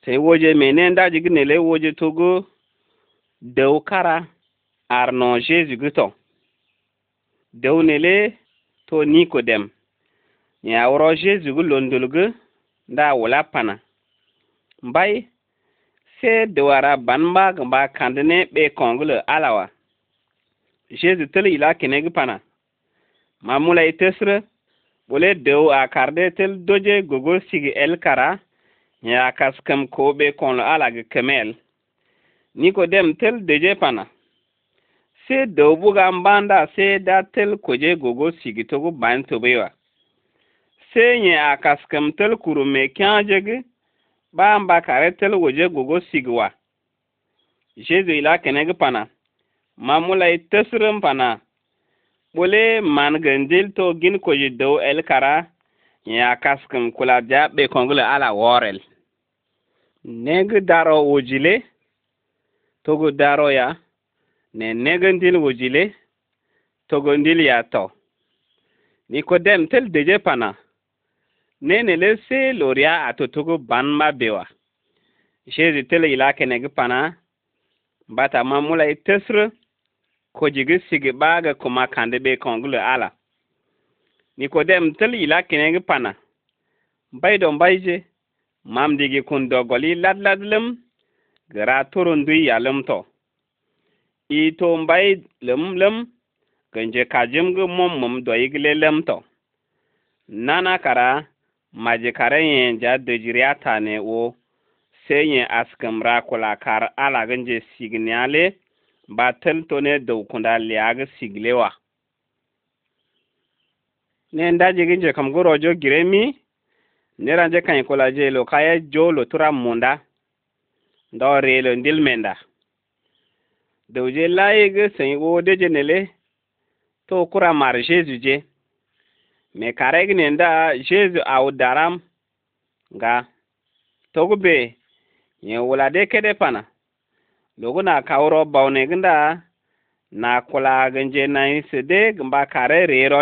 sei woje mene ndaji ge nele woje togo dew kara arno jésus ge to dew nele to nikodem ya awro jésus ge londol ge nda wula pana mbai se dewara banba gba kandine be kongulo alawa jesu tel ila kinegi pana mamula itesre bole dew a karde tel doje gogo sigi el kara ya kaskam ko be konlo alag kemel nikodem tel deje pana se dew buga mbanda se da tel koje gogo sigi togo ban tobewa se nye a kaskam tel kurume kyanjegi Ba kare karetel waje gogo sigwa jesu ila keneg pana mamulai e tesirin pana bule mangandil to gin koji dow el kara ya kaskin kula ja be kongule ala worel neg daro wojile togo daro ya ne negandil togo togondil ya to nikodem tel deje pana le se loria a totogo ma bewa shezi tele ila kenegi pana bata ma mula i e tesre ko jigi sigi baga kuma kande be kongulo ala nikodem tele ila kenegi pana mbai do mbaije mamdigi kun dogoli ladladlem gira turundui yalem to i to mbai lemlem genje kajimgi mummum doyigi lem to nana kara majikaren yen ja dejiri atane wo sai yen askem rakula kar alagin je signale ba tento ne daukunda liag siglewa ne nda jigin je kam goro jo giremi nera je kan kola je lo kaya jo lo tura munda ndo lo ndil menda dewje laye ge sen wo deje nele to kura marje je. me kareg nenda jesu aw daram nga togu be nye de kede pana logu na kawro ginda na kula genje na de gmba kare rero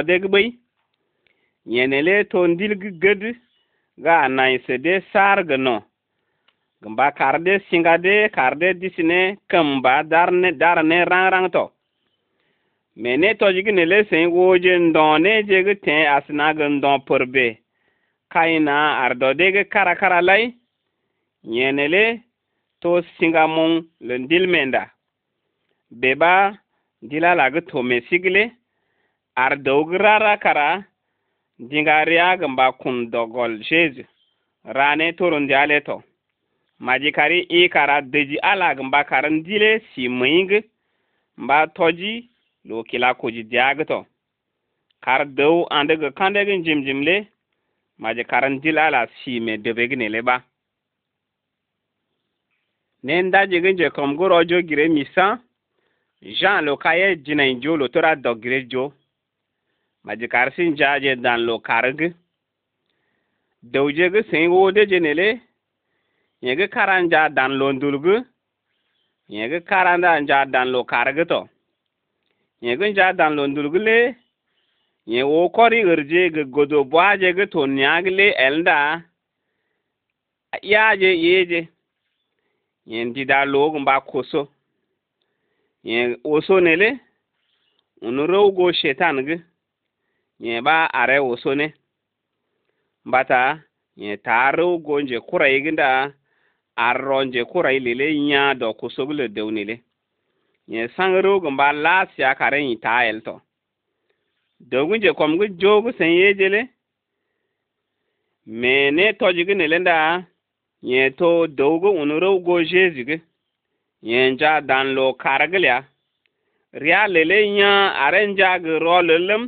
nele to ndil ged ga na de sar gno gmba karde singade karde disine kamba darne darne rang rang to mene tojigi ne lesen woje ndon ne jegi ten asinaga ndon purbe kaina ardo dege kara kara lai nyenele to singa mun lendil beba dila lagi to mesigle ardo grara kara dingariya gamba kun dogol jesu rane torundi aleto majikari i kara deji ala gamba karan dile si mwing mba toji lo kila koji diagto kar daga andega kandegin jimjimle maje karan dilala sime le ba. nen da je kom go rojo gire misa jean lo kaye jina injo lo tora gire jo sin ja je dan lo karg dewjegi sen wode ge karan ja dan lo ndulgu yegi karanda nja dan lo kargito ja dan yaa dãn gule le yẽ kori gurje ge godo boaajege tʋʋn yãag le ɛlenda je yeeje je, dɩdaa loog n ba koso yẽ ne le n rowgo shetange yẽ ba arɛ wosone bata yẽ taa rowgo n nje kʋra yegenda da rɔ n je kʋra y lele yãa dɔ kosog le deune le yẽ sãng roog n baa laas yaaka rẽ yĩ taayɛl tɔ dogu je kɔmgu joog sẽn yee jele me ne tɔjgu ne lenda ye to dogu ũnu rogo zeezige yẽ n ja dan lo kargl ya rɩa lele yã a rẽ o jaagi rɔɔlelem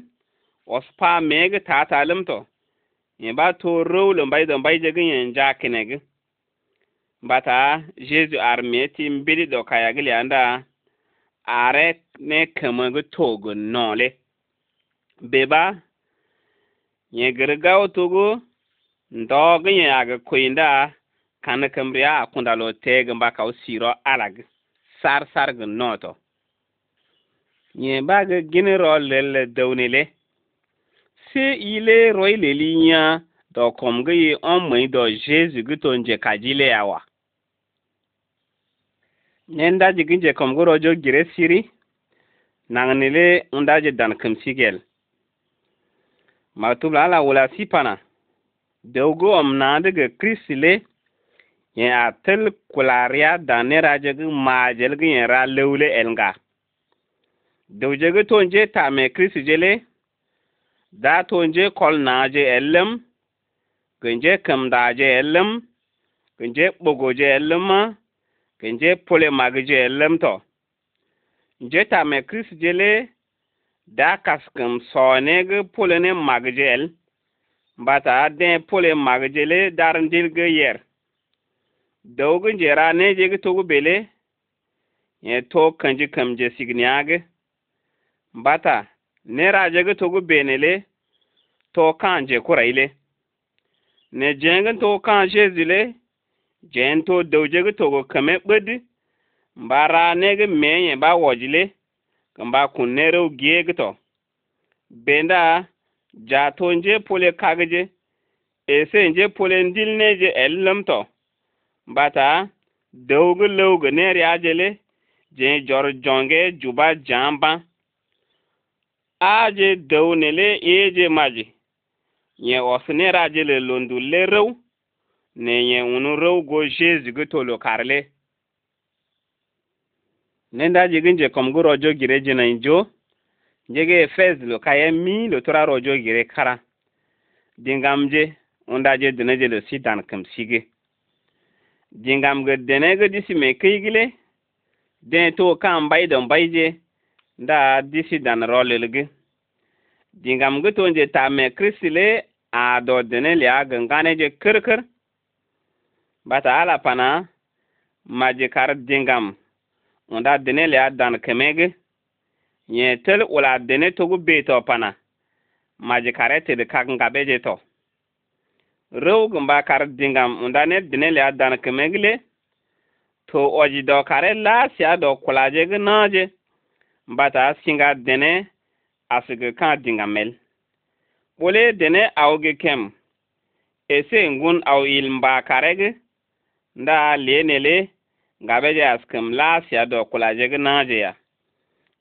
os paa ta taataalem tɔ ye ba toor rowle n ba yɩdn ba yɩdg yẽ kine jaa kẽneg bata zeezi ar me tɩ n bɩd dɔ kayagl ya ndaa arrête me kamagu togo nole beba nye girgaw togu, ndog nye aga kuinda kana kamriya akunda lo tege mbaka usiro alag sar sar noto nye baga gine ro lele dawnile se ile roi leli nya do komge ye on mai do jesu gutonje kajile awa nyen da jigin je kom goro jo gire siri nangni le unda je dan kim sigel matub la la wula sipana dewgo om na de kristi le yen a tel kularia dan ne raje gi majel gi yen ra lewle elnga dewje gi tonje ta me kristi jele da je kol na je ellem gunje kam da je ellem gunje bogo je ellem ma kenje pole magije lemto je me kris jele da kaskem sone ge pole ne magijel bata de pole dar ndil ge yer dawge jera ne je ge togu bele ye to kanji kamje signiage bata ne raje ge togu benele to kanje kuraile ne jengen to kanje zile jento dewjegi togo keme ɓedi mba ranegi menye ba wojile kemba kunnerew giyegito benda jato nje pole kagje ese nje pole bata ellumto mbata dewgi ajele je jor jonge juba jamba aje dewnele eje maji nye osnera ajele londu lerew nenye unu rew go jezigi tolo karle nenda jigin je kom guro jo gire jina injo jege fez lo kaye mi lo tora ro gire kara dingam je unda je dene je lo si dan kam sige dingam ge dene ge disi me kigile den to kan bai don bai je nda disi dan rolelge dingam ge to je ta me krisile a do dene le a gangane je kirkir Bata ala pana, majikare dingam, Onda dene le a dan kemeng, Nyen tel ou la dene tou gu be to pana, Majikare te de kak nga be je to. Rouk mba kare dingam, Onda net dene le a dan kemeng le, Tou oji do kare, La siya do kulaje genanje, Bata asingat dene, Asge kan dingam mel. Ou le dene a ou ge kem, Ese yon ou il mba kare ge, nda lenele ngabe je askem la siya do kula na je ya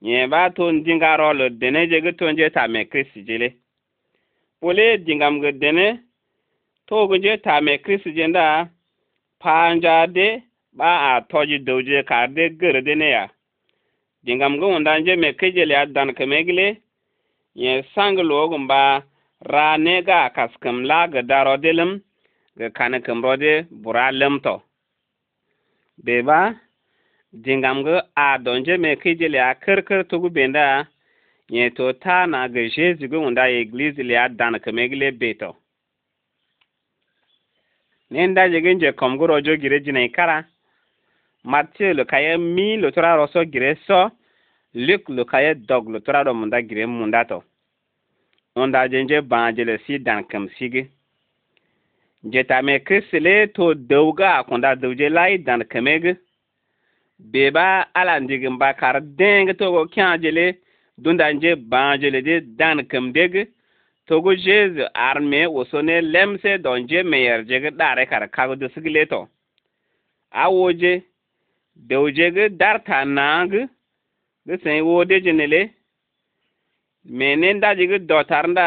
nye ba ton dinga rolo dene jegi ton je ta me kristi jele pole dingam ge dene to ge je ta me kristi je nda panja de ba a toji je ka de gere dene ya dingam ge onda je me kejele a dan ke megle nye sang lo gumba ra ne ga kaskem la ge daro delem ge kane kembrode bura lemto beba dingamge a donje me kije le a kirkir tugu benda nye to ta na ge jesu ge unda eglise le a dan kemegle beto nenda jegen je komgoro jo gire jina ikara matthew lo kaye mi lo tora ro so gire so luk lo kaye dog lo tora ro munda gire munda to onda jenje le si dan kem sigi je tame krisile to dewga konda dewje lai dan kemeg beba ala ndigin ba kar deng to go kyanjele dundanje banjele de dan kemdeg Togo go jezu arme wosone lemse donje meyer jeg dare kar kago de sigleto awoje dewje ge darta nang ge sen wode jenele menen da je ge dotarnda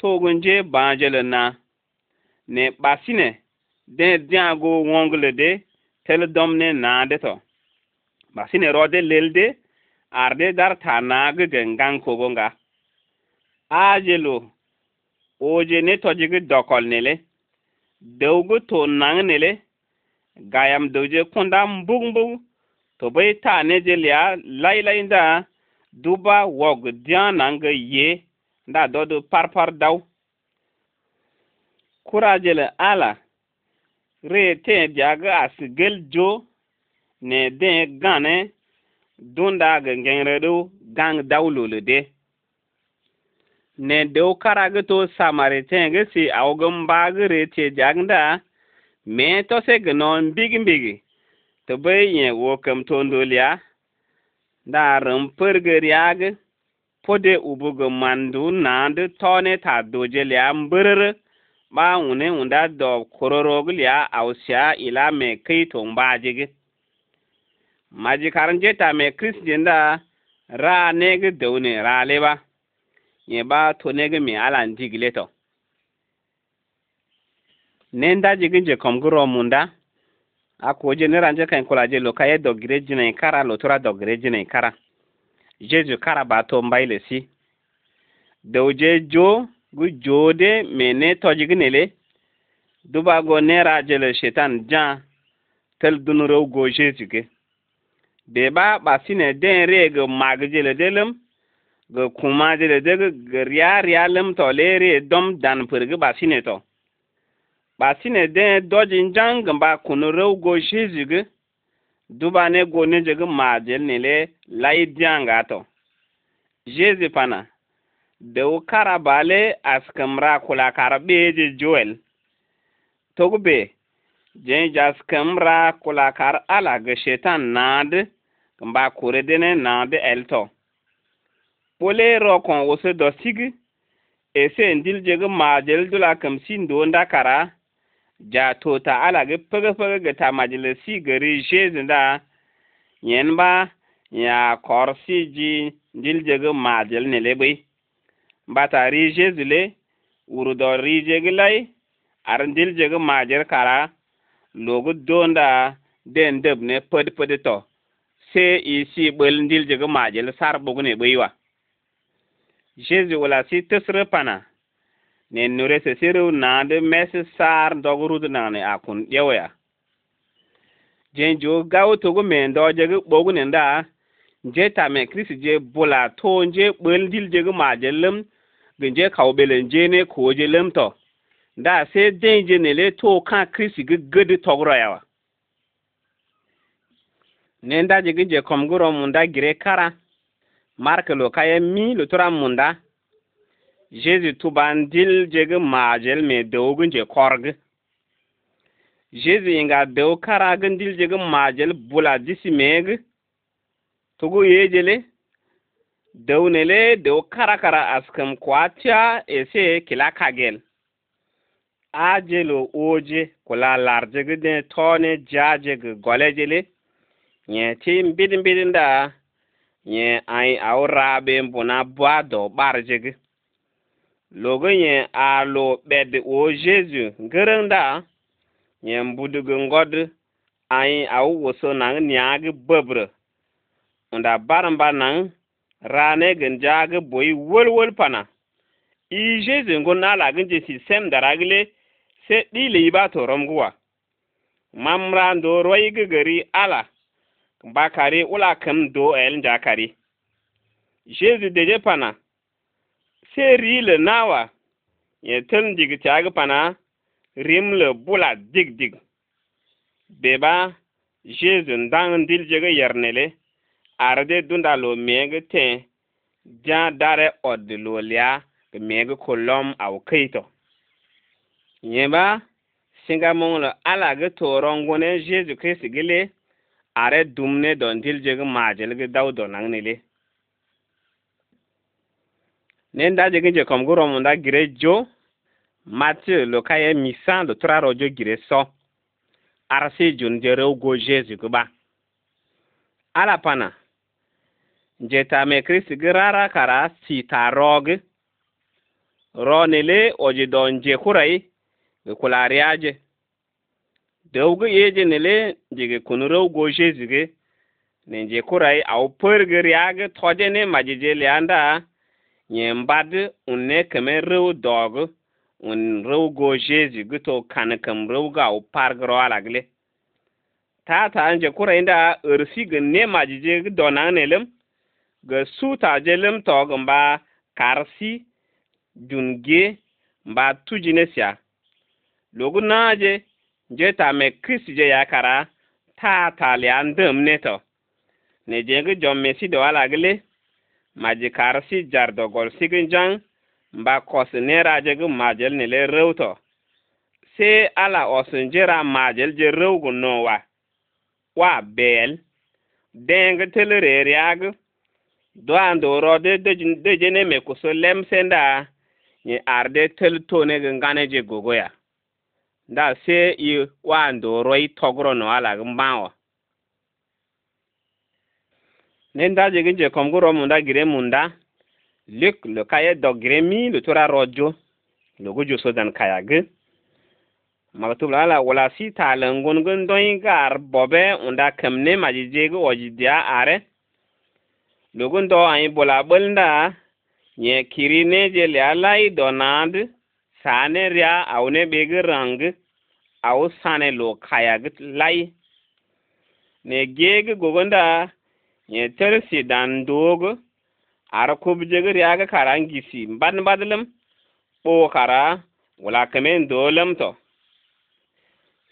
to gunje banjele na ne basine de diago wongle de tel domne de to basine rode lelde arde dar ge naagege ko nga ajelo oje ne to jige dokol nele dewgo to nang nele gayam doje kunda mbug mbug to bai ta ne je lai lai nda duba wog diya nang ye nda dodo parpar daw kurajele ala re te a gel jo ne de gane dunda gengengre do gang le de ne o karage to te ge si awgin bagire te jagda me to se gnon big big to bai ye wo kam to ndoliya da ran perger yag pode ubugo mandu nand tone ta dojele liya ba wune wunda do kororoglia ausia ila me kito mbajigi maji karanje ta me krisjenda ra nege dewne ra leba ye ba to nege mi ala ndigile to nenda jigi je komguro munda ako je ne ranje kan kula je lokaye do grejine kara lotura do grejine kara jeju kara ba to mbaile si dewje jo gu joode duba go dubago nerajele shetan jan tel dunurou go jesuge be ba ba ɓasine den rege magjele delem kuma jele de ge ria ria lem to le re dom dan ba ɓasine to ɓasine den dojin jan ge mba kunurou go duba ne go ne nejege majel nele lai janga to jesu pana dew kara bale a ra kula kara beje joel togbe jen jaskem ra kula kar ala ge shetan nade kamba kure dene nade elto pole ro kon wose do sigi ese ndil jege majel dula kam sin do nda kara ja tota ala ge pege pege ge ta majele si gari jezi nda yen ba ya korsi ji ndil jege ne Mbata rije zile wurdo rije gilai arndil jege majer kara logu donda den deb ne ped ped to se isi bel ndil jege majel sar bugne beiwa jesu wala si tesre pana ne nure se siru na de mes sar dogurud na ne akun yewa jenjo gawo togo men do jege bogne nda je tame kristi je bula to je bel ndil jege majelem genje kawbele jene koje lemto da se denje nele to kan krisi gede togro yawa nenda jigi je komguro munda gire kara mark lo kaye mi lo tora munda jesu tubandil jegi majel me dewgun je korg jesu inga dew kara gindil jegi majel bula disi meg tugu yejele देंवणेले karakara काराकारा askamkwata ese kila kagel ajelo oje kula larjigide tone jajege golejele nye ti mbidi mbidi nda nye ai awrabe mbuna bwado barjege logo nye alo bed o jesu ngerenda nye mbudugo ngod ai awu woso nang nyagi bebre nda baramba nang rane gen jage boyi wol wol pana ije zengo na lagin je sistem daragile se dile iba to romguwa mamra ndo roi gari ala bakare ula kam do el jakari jesu deje pana se rile nawa ye tel dig tiag pana rim le bula dig dig beba jesu ndang dil jege yernele de dunda lo mege te ja dare od lo lia ge mege kolom aw keito nyeba singa monglo ala ge toron gone jesu kristi gele are dumne don dilje ge majel ge daw donang nele nen da jege je kom gire jo mathieu lo kaye misan jo gire so arasi jun je rew go jesu ge ba ala pana kristi jetamekirisi girara kara sitarog ronile ojidon jekurai gi kulariyaje dewgi yejenile jigi kunurow goje zige nin jekurai aw pergiriyagi tojene majijelianda nyen bad unne keme rew dog un rew goje zigi to kanikim rewgi aw pargiro alagle tata an jekurai nda ersigin ne majijegi donanelem ga suta jelem tog mba karsi dunge mba tuji nesia logu naaje je ta me kristi je yakara ta tali an dum neto ne jegi jom si do ala gele maji karsi jardo gol sigin jang mba kos nera jegi majel ne le rewto se ala osun jera majel je rewgu no wa wa bel deng telerer yagu do an do ro de de ne me kuso lem senda ni de tel to ne ngane je gogoya da se i wa an do ro i togro no ala gmbawo ne da je je kom goro munda gire munda lek le kaye do gire mi le tora rojo lo jo so dan kaya ge to la la wala si talengun gun doyin gar bobe unda kemne je go dia are logun do ai bola bolnda kiri kirine je lalai donad sane ria awne beg rang aw sane lo khayag lai ne geg gogonda ye tersi dan dog ar kub jeg ria ga karangi gisi ban badlem bo kara wala kemen dolem to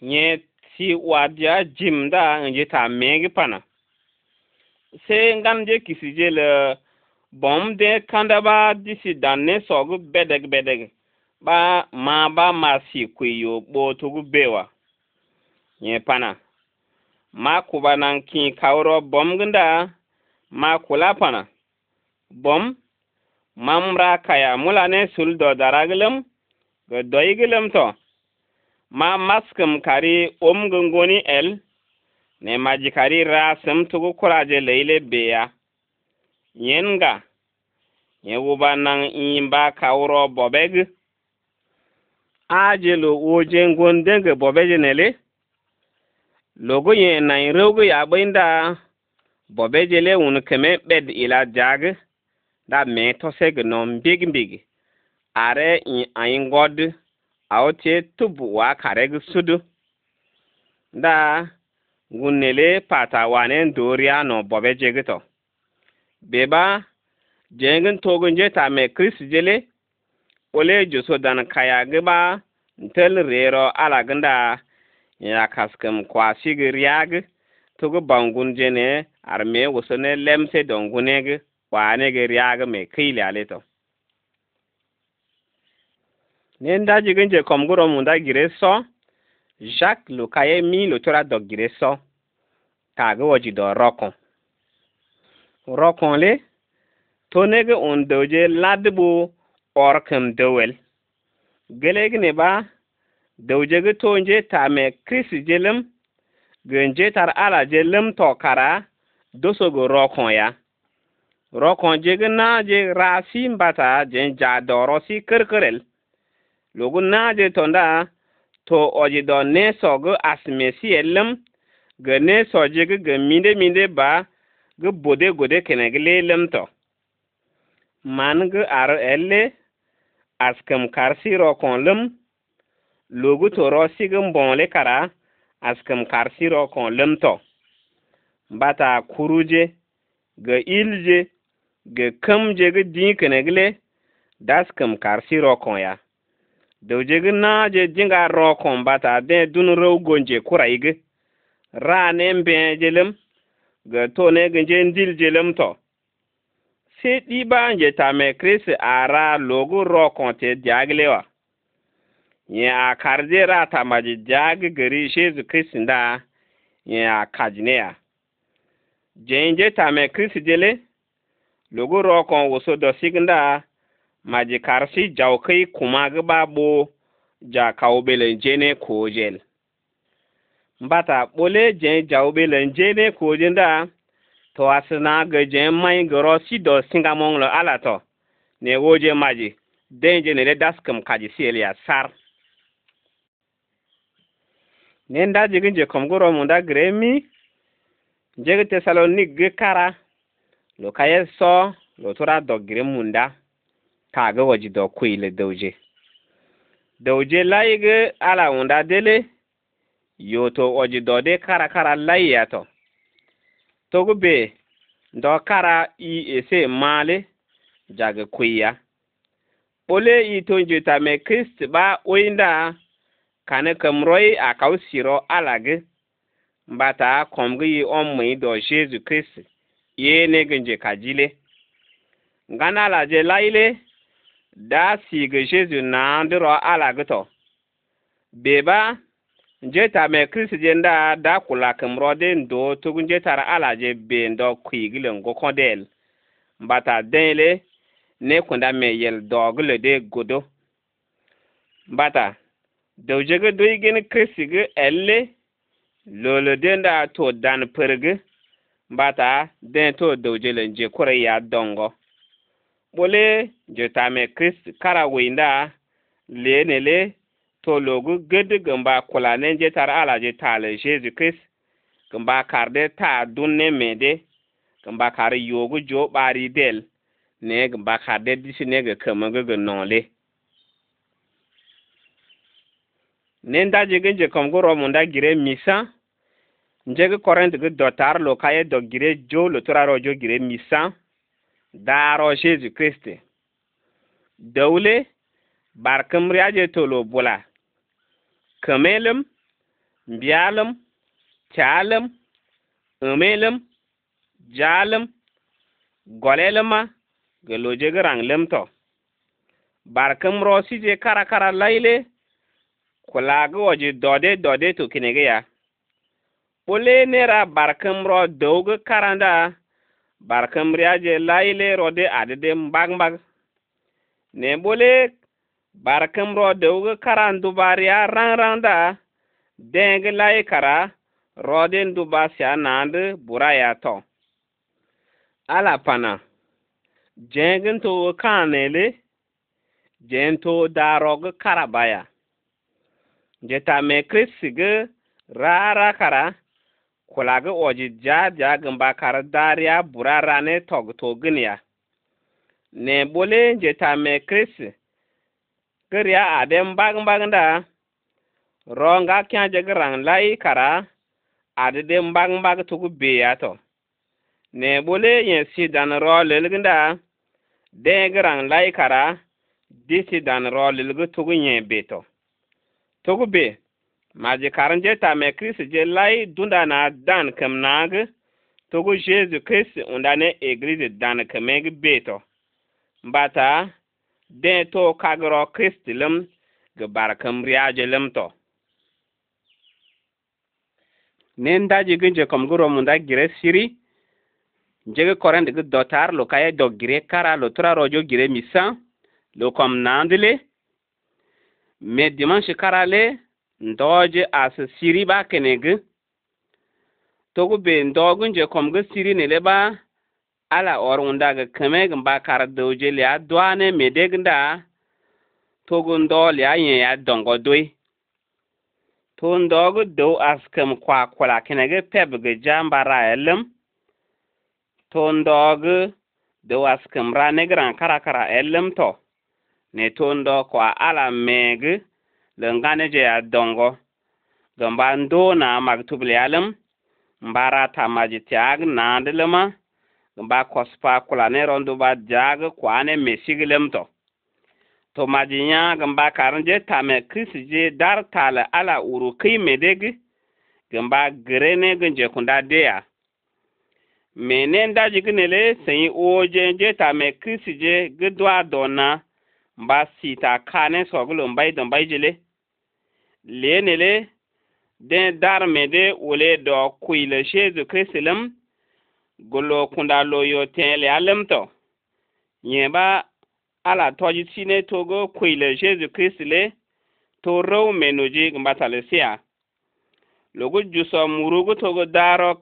nye si wadya jimda nje ta megi pana se ngan je kisi je le bom de kanda ba disi danne sogu bedeg bedeg ba ma ba ma si kuyo bo tugu bewa nye pana ma kuba nan ki kawro bom ganda ma kula pana bom mamra kaya mulane sul do daraglem go doigilem to ma maskum kari om gongoni el nemajikarira semtugu kuraje leile beya yenga yewuba nan yimba kawuro bobeg ajelo wojengon denge bobejenele logo ye nan rewgo yaɓoynda bobejele wun keme ɓed ila jag da me toseg no mbig mbig are i ayingod awotie tubu wa kareg sudu da gunnele patawanen doriya no bobe jegito beba jengin togun jeta me kris jele ole joso dan kaya gba ntel rero ala ganda ya kaskem kwa sigiriyag tugu bangun jene arme wosone lemse donguneg wane giriyag me kile aleto nenda jigin je komguro munda gire so Jacques Luka ye min lotora dɔ gire sɔ ge wo jidɔ rɔkɔ rɔkɔ le to nege on doje ladbo orkem dowel gelege ne ba dowjege tonje tame kris jelem genje tar ala lem tɔ kara dosogo rɔkɔ ya rɔkɔ ge na je raasi mbata jen ja dɔrɔ si kerkerel logu naa je tonda to ojido ne ga asimesi yellem ga ne soje ga ga minde minde ba ga bode gode kene ga lelem to man ga aro elle askam karsi ro kon lem logu to ro kara askam karsi ro kon lem to bata kuruje ga ilje ga kamje ga din kene ga le das karsi ro kon ya dowjegi na je jinga ro kombata de dun rew gonje kurayigi ra ne mbe jelem ga to ne ginje ndil jelem to se nje ta me kris ara logu ro konte diaglewa ye a karje ra tamaji diagi gari shezu kris nda ye a kajineya jenje me kris jele logu ro kon woso do signda maji karsi jawkai kumagba bo ja kawbelen jene kojel bata bole jen jawbelen jene kojel da to asina ga jen mai goro si do singamong lo alato ne woje maji je ne le daskam kaji sel ya sar nen da jigin je komgoro munda gremi jege tesalonik ge kara lo so lo tora do gremunda kaga waji do kuile dauje dauje layiga ala wunda dele yoto waji de kara kara layiya to togu be do kara i ese male jaga kuiya ɓole i tonje tame krist ba oinda kane kemroi a kaw siro alage mbata komgi yi ommi do jesu krist yene genje kajile ngana laje laile daa siigi Jesu naandiro ala gito. Beba, nje tame Kristi jenda da kula kimro den do tugu nje tara ala je bendo kuigile ngokondel. Mbata denle, ne kunda me yel dogile de godo. Mbata, dewjege duigin Kristi ge elle, lolo den da to dan perge, mbata den to dewjele nje kure ya dongo. bole jotame krist kara winda lenele to logu gedi gumba kulanen jetar ala je tale jesu krist gumba karde ta dunne mede gumba kare yogu jo bari del ne gumba karde disi ne ga kama ga nole nen da jege kom go romunda gire misa njege korent ge dotar lo do gire jo lo turaro jo gire misa daaro Jésus Christ dawle barkam riaje tolo bula kamelum bialum chalum umelum jalum goleluma galoje garang lemto barkam rosi je kara kara laile kulaga waje dode dode to kinege ya bole nera barkam ro dogo karanda barkamriaje laile rode adede mbag mbag ne bole barkam rode uga karan dubaria rang rang da deng lai kara rode dubasia nand buraya to ala pana jengin to kanele to darog karabaya jeta me krisige rara kara kulagi ojijja jagimba kar dariya burarane togtoginiya ne bole jetame krisi giriya adem bagimbagida ronga kyaje girang lai kara de adede mbagimbag tugu beyato ne bole yen dan ro lelginda de girang lai kara disi dan ro lelgi tugu yen beto tugu be maji karanje ta me kristi je lai dunda na dan kem nag togo jesu kristi undane eglise dan kemeg beto mbata den to kagro kristi lem ge barkem riaje lem to nen daji ginje kom guro da gire siri jege korende ge dotar lo kaye do gire kara lo tura rojo gire misan lo kom nandile me dimanche kara le ndooje ase siri ba kenegi togu be ndoogu nje komgi siri ne le ba ala orŋundaga kemegin ba kar douje lia dwaane medeginda togu ndoo lia nye ya dongo doi to ndoogu dow askem kwakula kenegi pebgi jamba ra lem to ndoogu dow askem ra kara kara elem to ne to ndo kwa ala megi lengane je ya dongo gamba ndo na maktub lialem mbara tamaji tiag nandelema gamba kospa kulane rondo ba jag kwane mesiglem to to majinya gamba karanje tame krisje dar tala ala uru kai medegi gamba grene gunje kunda deya menen daji gnele sai oje je tame krisje gdwa dona ba sita kane sogulu mbai don bai jele lenele den dar mede wole do kuile Jesu Christ golo kunda lo yo tenle alem to nyeba ala toji sine togo kuile Jesu Christ to menoji sia logo juso murugo togo daro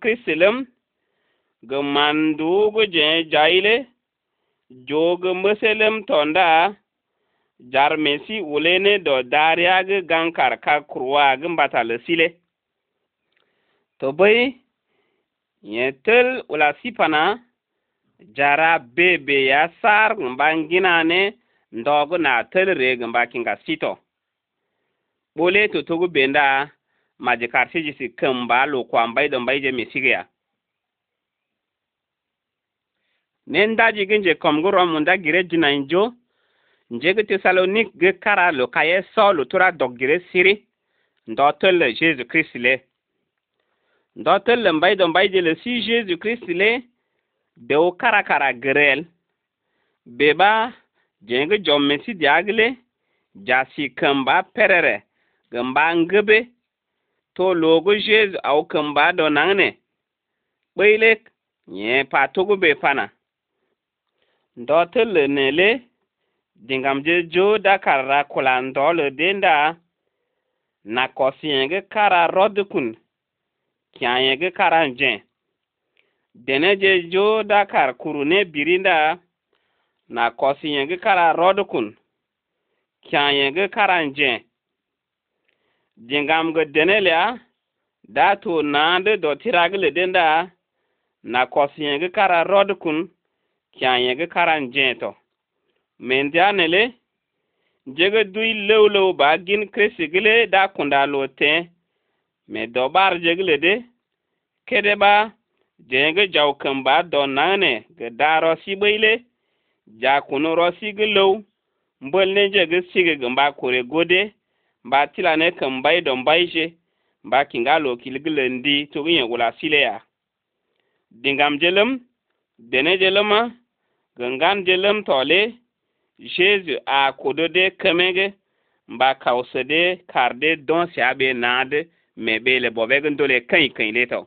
gmandugo je jaile tonda jarmesi wulene do dariag gankar ka kurwag mbatal sile toboy yetel wula sipana jara bebe ya sar mba nginane ndog na tel reg mba kinga sito bole to togu benda maji karsi jisi kemba lo kwambai do mbai je misigia nen daji ginje komgo romunda gire jinanjo Njegi Thessalonik ge kara lo ka ye Saul tora doggire siri ndo tolle Jésus Christ le. Ndo tolle mbay do mbay le si jesu Christ le de o kara kara grel. Beba jengi jomme si diagle jasi kamba perere gamba ngebe to logo jesu au kamba do nangne. Baylek nye patogo be pana. Ndo tolle ne le dingam je jo da kara kulan dole denda na kosiyenge kara rodukun kyanyege karanje dene je jo da kar kurune birinda na kosiyenge kara rodukun kyanyege karanje dingam ge denelya da to nande do tiragle denda na kosiyenge kara rodukun kyanyege karanje to mendianele jege dui lewlew ba gin kresigile da kunda lo te me dobar jegle de kede ba jenge jawkan ba nane ge daro sibeile jakuno rosigelew mbol ne jege sige gamba kore gode mba tilane kan bai don bai je mba kingalo kiligile ndi togiyen wula sile ya dingam jelem dene jelema gangan jelem tole Jésus a de kemege mba kawsede karde don si abe nade me be le bobe gen kai-kai kan le to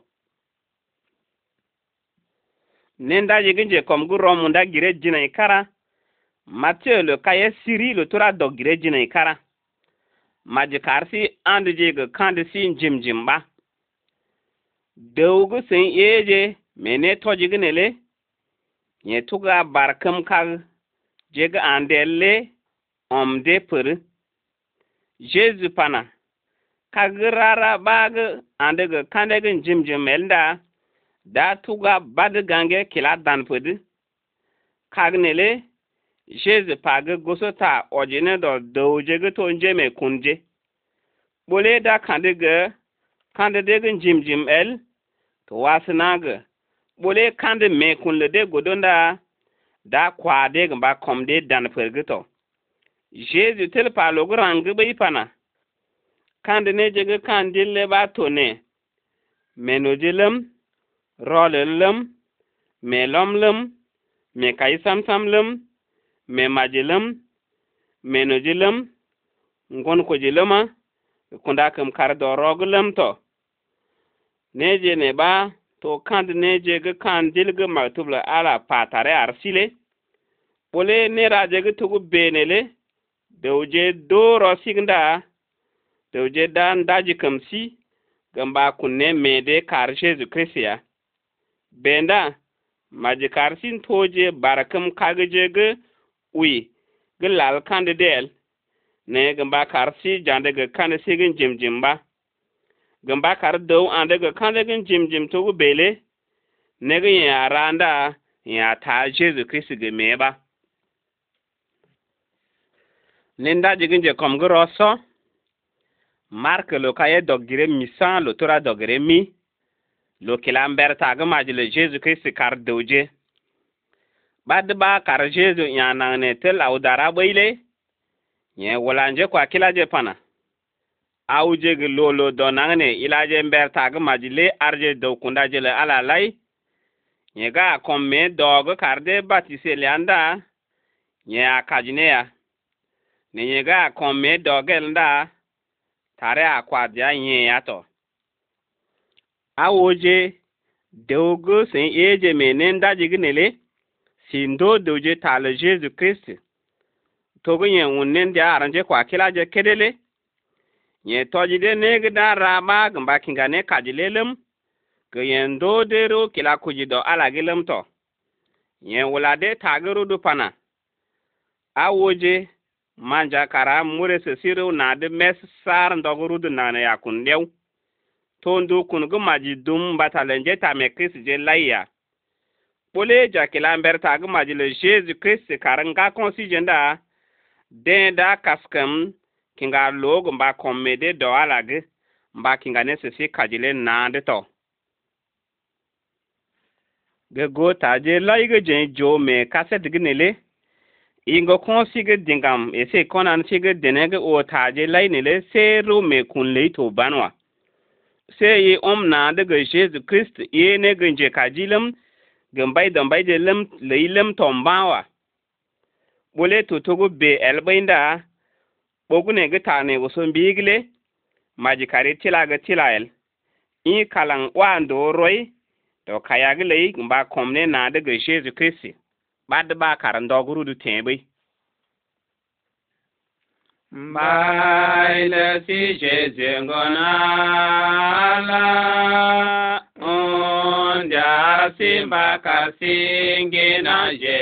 nenda yegenje kom gu romunda gire jina ikara Mathieu le kaye siri le tora do gire jina ikara maji karsi andu je ga kandi si jim jim ba dewgu sen eje mene toji gnele ye tuga barkam kag jega an delle om de pere jesu pana kagi rara bagi andigi jimjim da tuga badi gange kila dan pedi kagnele jesu pagi gosota ojine do dowjegi to njeme kunje bole da kandigi kandidegi jimjim el to bole kandi mekunle de godonda da kwade ba komde dan pergito jesu tel palo grangu be pana. kande ne jege kandille ba tone menojilem rolelem melomlem me kai me majilem menojilem ngon ko jilema kunda kam kar do roglem to ne ba to kãnd ne jegi kãn dilg magtb ala paatare arsile bole ne rajegi tugu benele deuje dooro sigda deuje dan daji kamsi gamba kunne mede kar jesu kristi ya benda maji karsin toje barkam kagijegi uyi gi lal de dɛɛl ne gamba karsi jãndg jim sigin jimjimba gamba kar dau ande ga kande gen jim jim to bele ne ga ya randa ya ta Jesu Kristi ga me ba ninda jigin je kom go rosso Mark lo kaye dogire misan lo tora mi lo kilamber ta ga Jesu Kristi kar dau bad ba kar Jesu ya tel audara bayle nye wolanje kwa kilaje pana awujeg lolo donangne ilaje mbertag majile arje dow kunda jele alalay nyega komme dog karde batisele anda nye akajneya ne nyega komme dogel nda tare akwadya nyeya to awoje dewgo sen eje mene ndajignele sindo dewje tale jesu kristi togo nye wunnen de aranje kwa kilaje kedele ye tojide negda raba gumba kinga ne kajilelem ke yen do dero kila kujido ala gilem to ye wulade tagiru dupana awoje manja kara mure sesiru na de mes sar ndoguru du nana ya kundew tondu kunugu ji dum batalenje tame kris je laiya kpole jakila mberta ji le jésus christ karanka konsi jenda den da kaskem kinga log mba kommede do alage mba kinga nesesi kajile nande to ge go taje laige jen jo me ne le. ingo kon sige dingam ese konan sige denege o taje lai nele se ru me le to banwa se ye om na daga Jesu Christ ye ne gunje kajilam gambai dambai je lam leilam tombawa bole to togo be elbainda ɓogune gi tanego sombiigle maji kari tilagi tilayel ĩ kalan waando roy to kayagley mba komne naadigi jesu kristi ɓad ɓa karin dogrudu tẽebey mbaila si jesu ngona la onda simba na je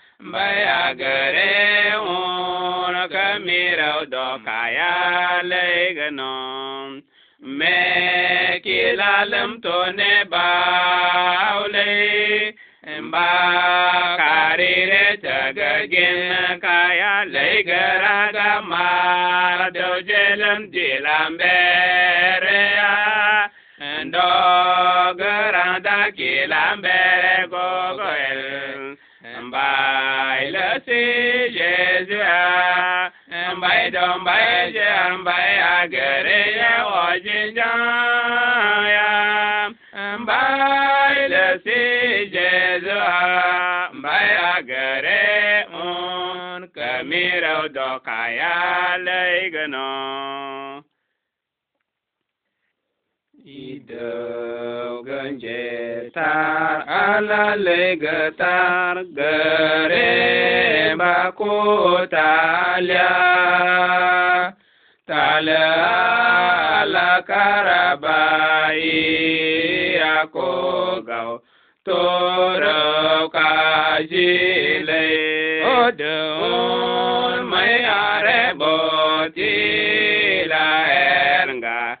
baya gare un kamira do kaya legano me kilalem to ne baule ba karire tagagin kaya legara da ma do jelem dilambere ya ndo garanda kilambere gogoel ilasi yezia mbai don bai je mbai agere ya ojinja ya mbai ilasi yezia mbai agere un kamiro dokaya leignon gângetar, ala legătar, găreba cu talea, talea la carabaia cu gau, torău ca zile, o de un mai are botila erga,